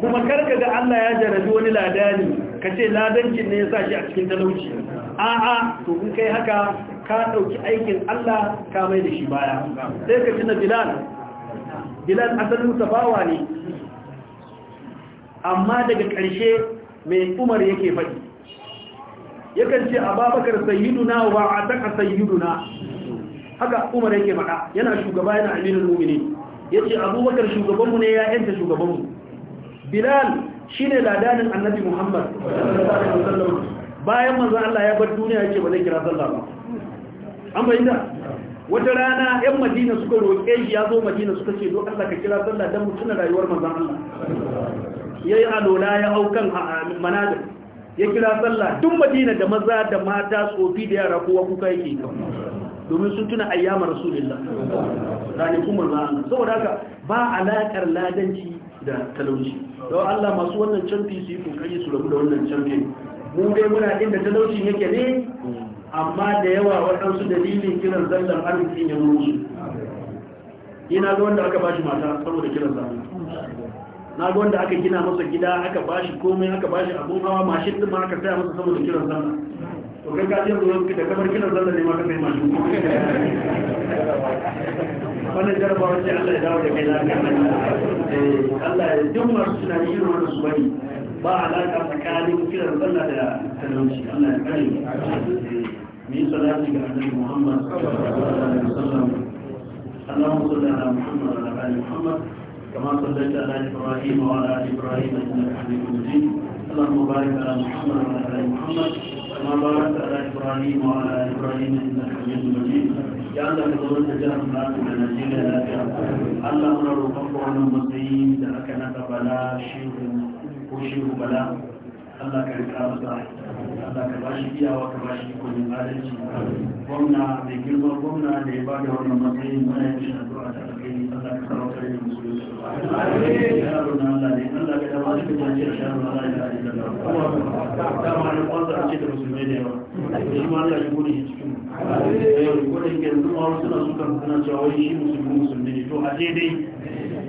Speaker 2: kuma karka ga Allah ya jarabi wani ladani ka ce ladancin ne ya sa shi a cikin talauci a'a to kun kai haka ka ɗauki aikin Allah ka mai da shi baya sai ka tuna bilal bilal asalin safawa ne amma daga ƙarshe mai umar yake faɗi yakan ce a babakar sayyiduna wa a taka sayyiduna haka umar yake faɗa yana shugaba yana aminin mumini ya ce abubakar shugabanmu ne ya yanta shugabanmu bilal shi ne ladanin annabi muhammad bayan manzan Allah ya bar duniya ya ce ba zai kira sallah ba
Speaker 3: amma bayyana wata
Speaker 2: rana yan madina suka roƙe shi ya zo madina suka ce don Allah ka kira sallah don mutuna rayuwar manzon Allah ya yi alola ya aukan manadar ya kira sallah duk madina da maza da mata tsofi da yara kowa kuka yake domin sun tuna ayyamar rasulullah kuma manzan Allah saboda haka ba alaƙar ladanci da talauci don Allah masu wannan canfi su yi kokari su rabu da wannan canfi mu dai muna inda talauci yake ne amma da yawa waɗansu dalilin kiran zallar arzikin ya musu ina ga wanda aka bashi mata saboda kiran zallar? na ga wanda aka gina masa gida aka bashi komai aka bashi abun hawa mashin din ma aka saya masa saboda kiran zallar. to kai ka jin ruwan da kamar kiran zallar ne ma ka sai mashin
Speaker 3: wannan jarabawa ce Allah ya dawo da kai lafiya eh, Allah ya
Speaker 2: jimma su tunani irin wannan su bari ba alaƙa tsakanin kiran zallar da talauci Allah ya kare من صلاة النبي محمد صلى الله عليه وسلم اللهم صل على محمد وعلى آل محمد كما صليت على إبراهيم وعلى آل إبراهيم إنك حميد مجيد اللهم بارك على محمد وعلى آل محمد كما باركت على إبراهيم وعلى آل إبراهيم إنك حميد مجيد يا الله تزول تجاه الله من نجيل لك اللهم ربك وعلى المسلمين لك نتبلا شيخ وشيخ بلا الله صاحب Allah ka bashi iyawa ka bashi ikon adalci gwamna mai girma gwamna da ya bada wannan matsayin mana yin shadu'a da alkhairi Allah ka sarautar da musulunci yaro na Allah ne Allah ka dama shi kuma ce sharo Allah ya da Allah ta ma ne kwanta ce da musulmai da yawa shi ma Allah ya gode cikin mu eh gode ke duk ma wasu suka suna cewa wai shi musulmi musulmi ne to a dai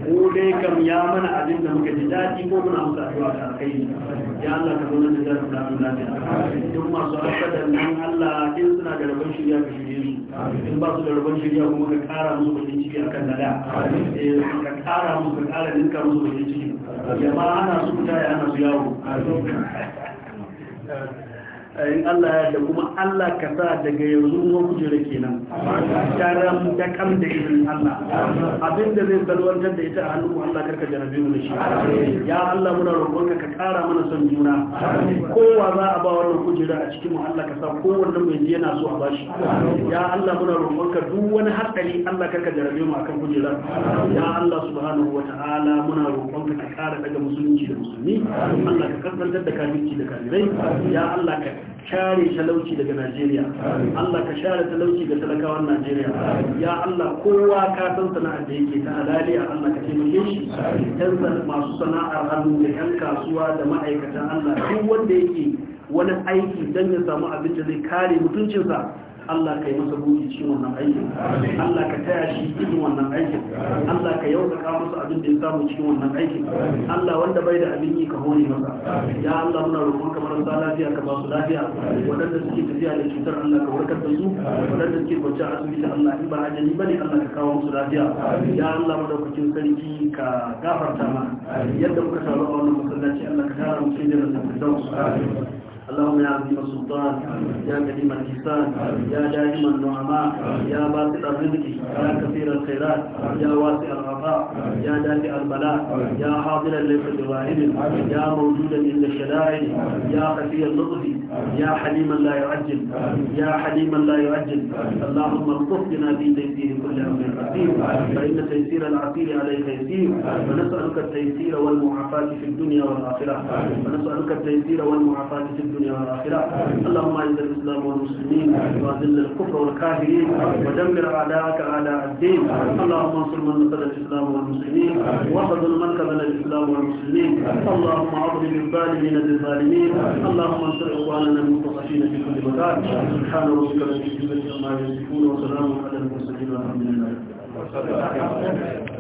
Speaker 2: ko dai kam ya mana abin da muka ji daɗi ko muna musa addu'a ta kai ya Allah ka zo da zaru da mun lafiya duk masu hasadan nan Allah in suna da rabon shirya ka shirye su in ba su da rabon shirya kuma ka ƙara musu bakin ciki akan nada eh ka ƙara musu ka ƙara ninka musu bakin ciki jama'a ana su ta ya ana su yawo in Allah ya da kuma Allah ka sa daga yanzu ruwan kujera kenan karam da kam da izinin Allah da zai salwantar da ita a hannun Allah karka jarabe mu da shi ya Allah muna roƙonka ka ƙara mana son juna kowa za a ba wannan kujera a cikin mu Allah ka sa kowanne mai ji yana so a bashi ya Allah muna roƙonka duk wani hatsari Allah karka jarabe mu akan kujera ya Allah subhanahu wata'ala muna roƙonka ka ƙara daga musulunci da musulmi Allah ka kasance da kafirci da kafirai ya Allah ka share talauci daga Najeriya Allah ka share talauci ga talakawan Najeriya ya Allah kowa ka san sana'ar da yake ta halali a Allah ka taimake shi dan masu sana'ar hannu da yan kasuwa da ma'aikatan Allah duk wanda yake wani aiki dan ya samu abin da zai kare mutuncinsa Allah ka yi masa buɗi cikin wannan aikin Allah ka taya shi cikin wannan aikin Allah ka kawo masa abin da ya samu cikin wannan aikin Allah wanda bai da abin yi ka hone masa ya Allah muna roƙon ka marasa lafiya ka ba su lafiya Wadanda suke tafiya da cutar Allah ka warkar da su Wadanda suke kwanci a asibiti Allah in ba ajali bane Allah ka kawo musu lafiya ya Allah madaukakin sarki ka gafarta mana yadda muka taru a wannan masallaci Allah ka tara mu da cikin jannatin firdaus اللهم يا عظيم السلطان يا كريم الإحسان يا دائم النعماء يا باسط الرزق يا كثير الخيرات يا واسع العطاء يا دافع البلاء يا حاضرا ليس بغائب يا موجودا عند الشدائد يا خفي اللطف يا حليما لا يعجل يا حليما لا يعجل اللهم الطف بنا في تيسير كل امر عسير فان تيسير العسير عليك يسير ونسالك التيسير والمعافاه في الدنيا والاخره ونسالك التيسير والمعافاه في الدنيا الدنيا والآخرة اللهم أعز الإسلام والمسلمين وأذل الكفر والكافرين ودمر أعداءك أعداء الدين اللهم انصر من نصر الإسلام والمسلمين وخذل من كذل الإسلام والمسلمين اللهم أظلم الظالمين للظالمين اللهم انصر إخواننا المنتصرين في كل مكان سبحان ربك رب العزة عما يصفون وسلام على المرسلين والحمد لله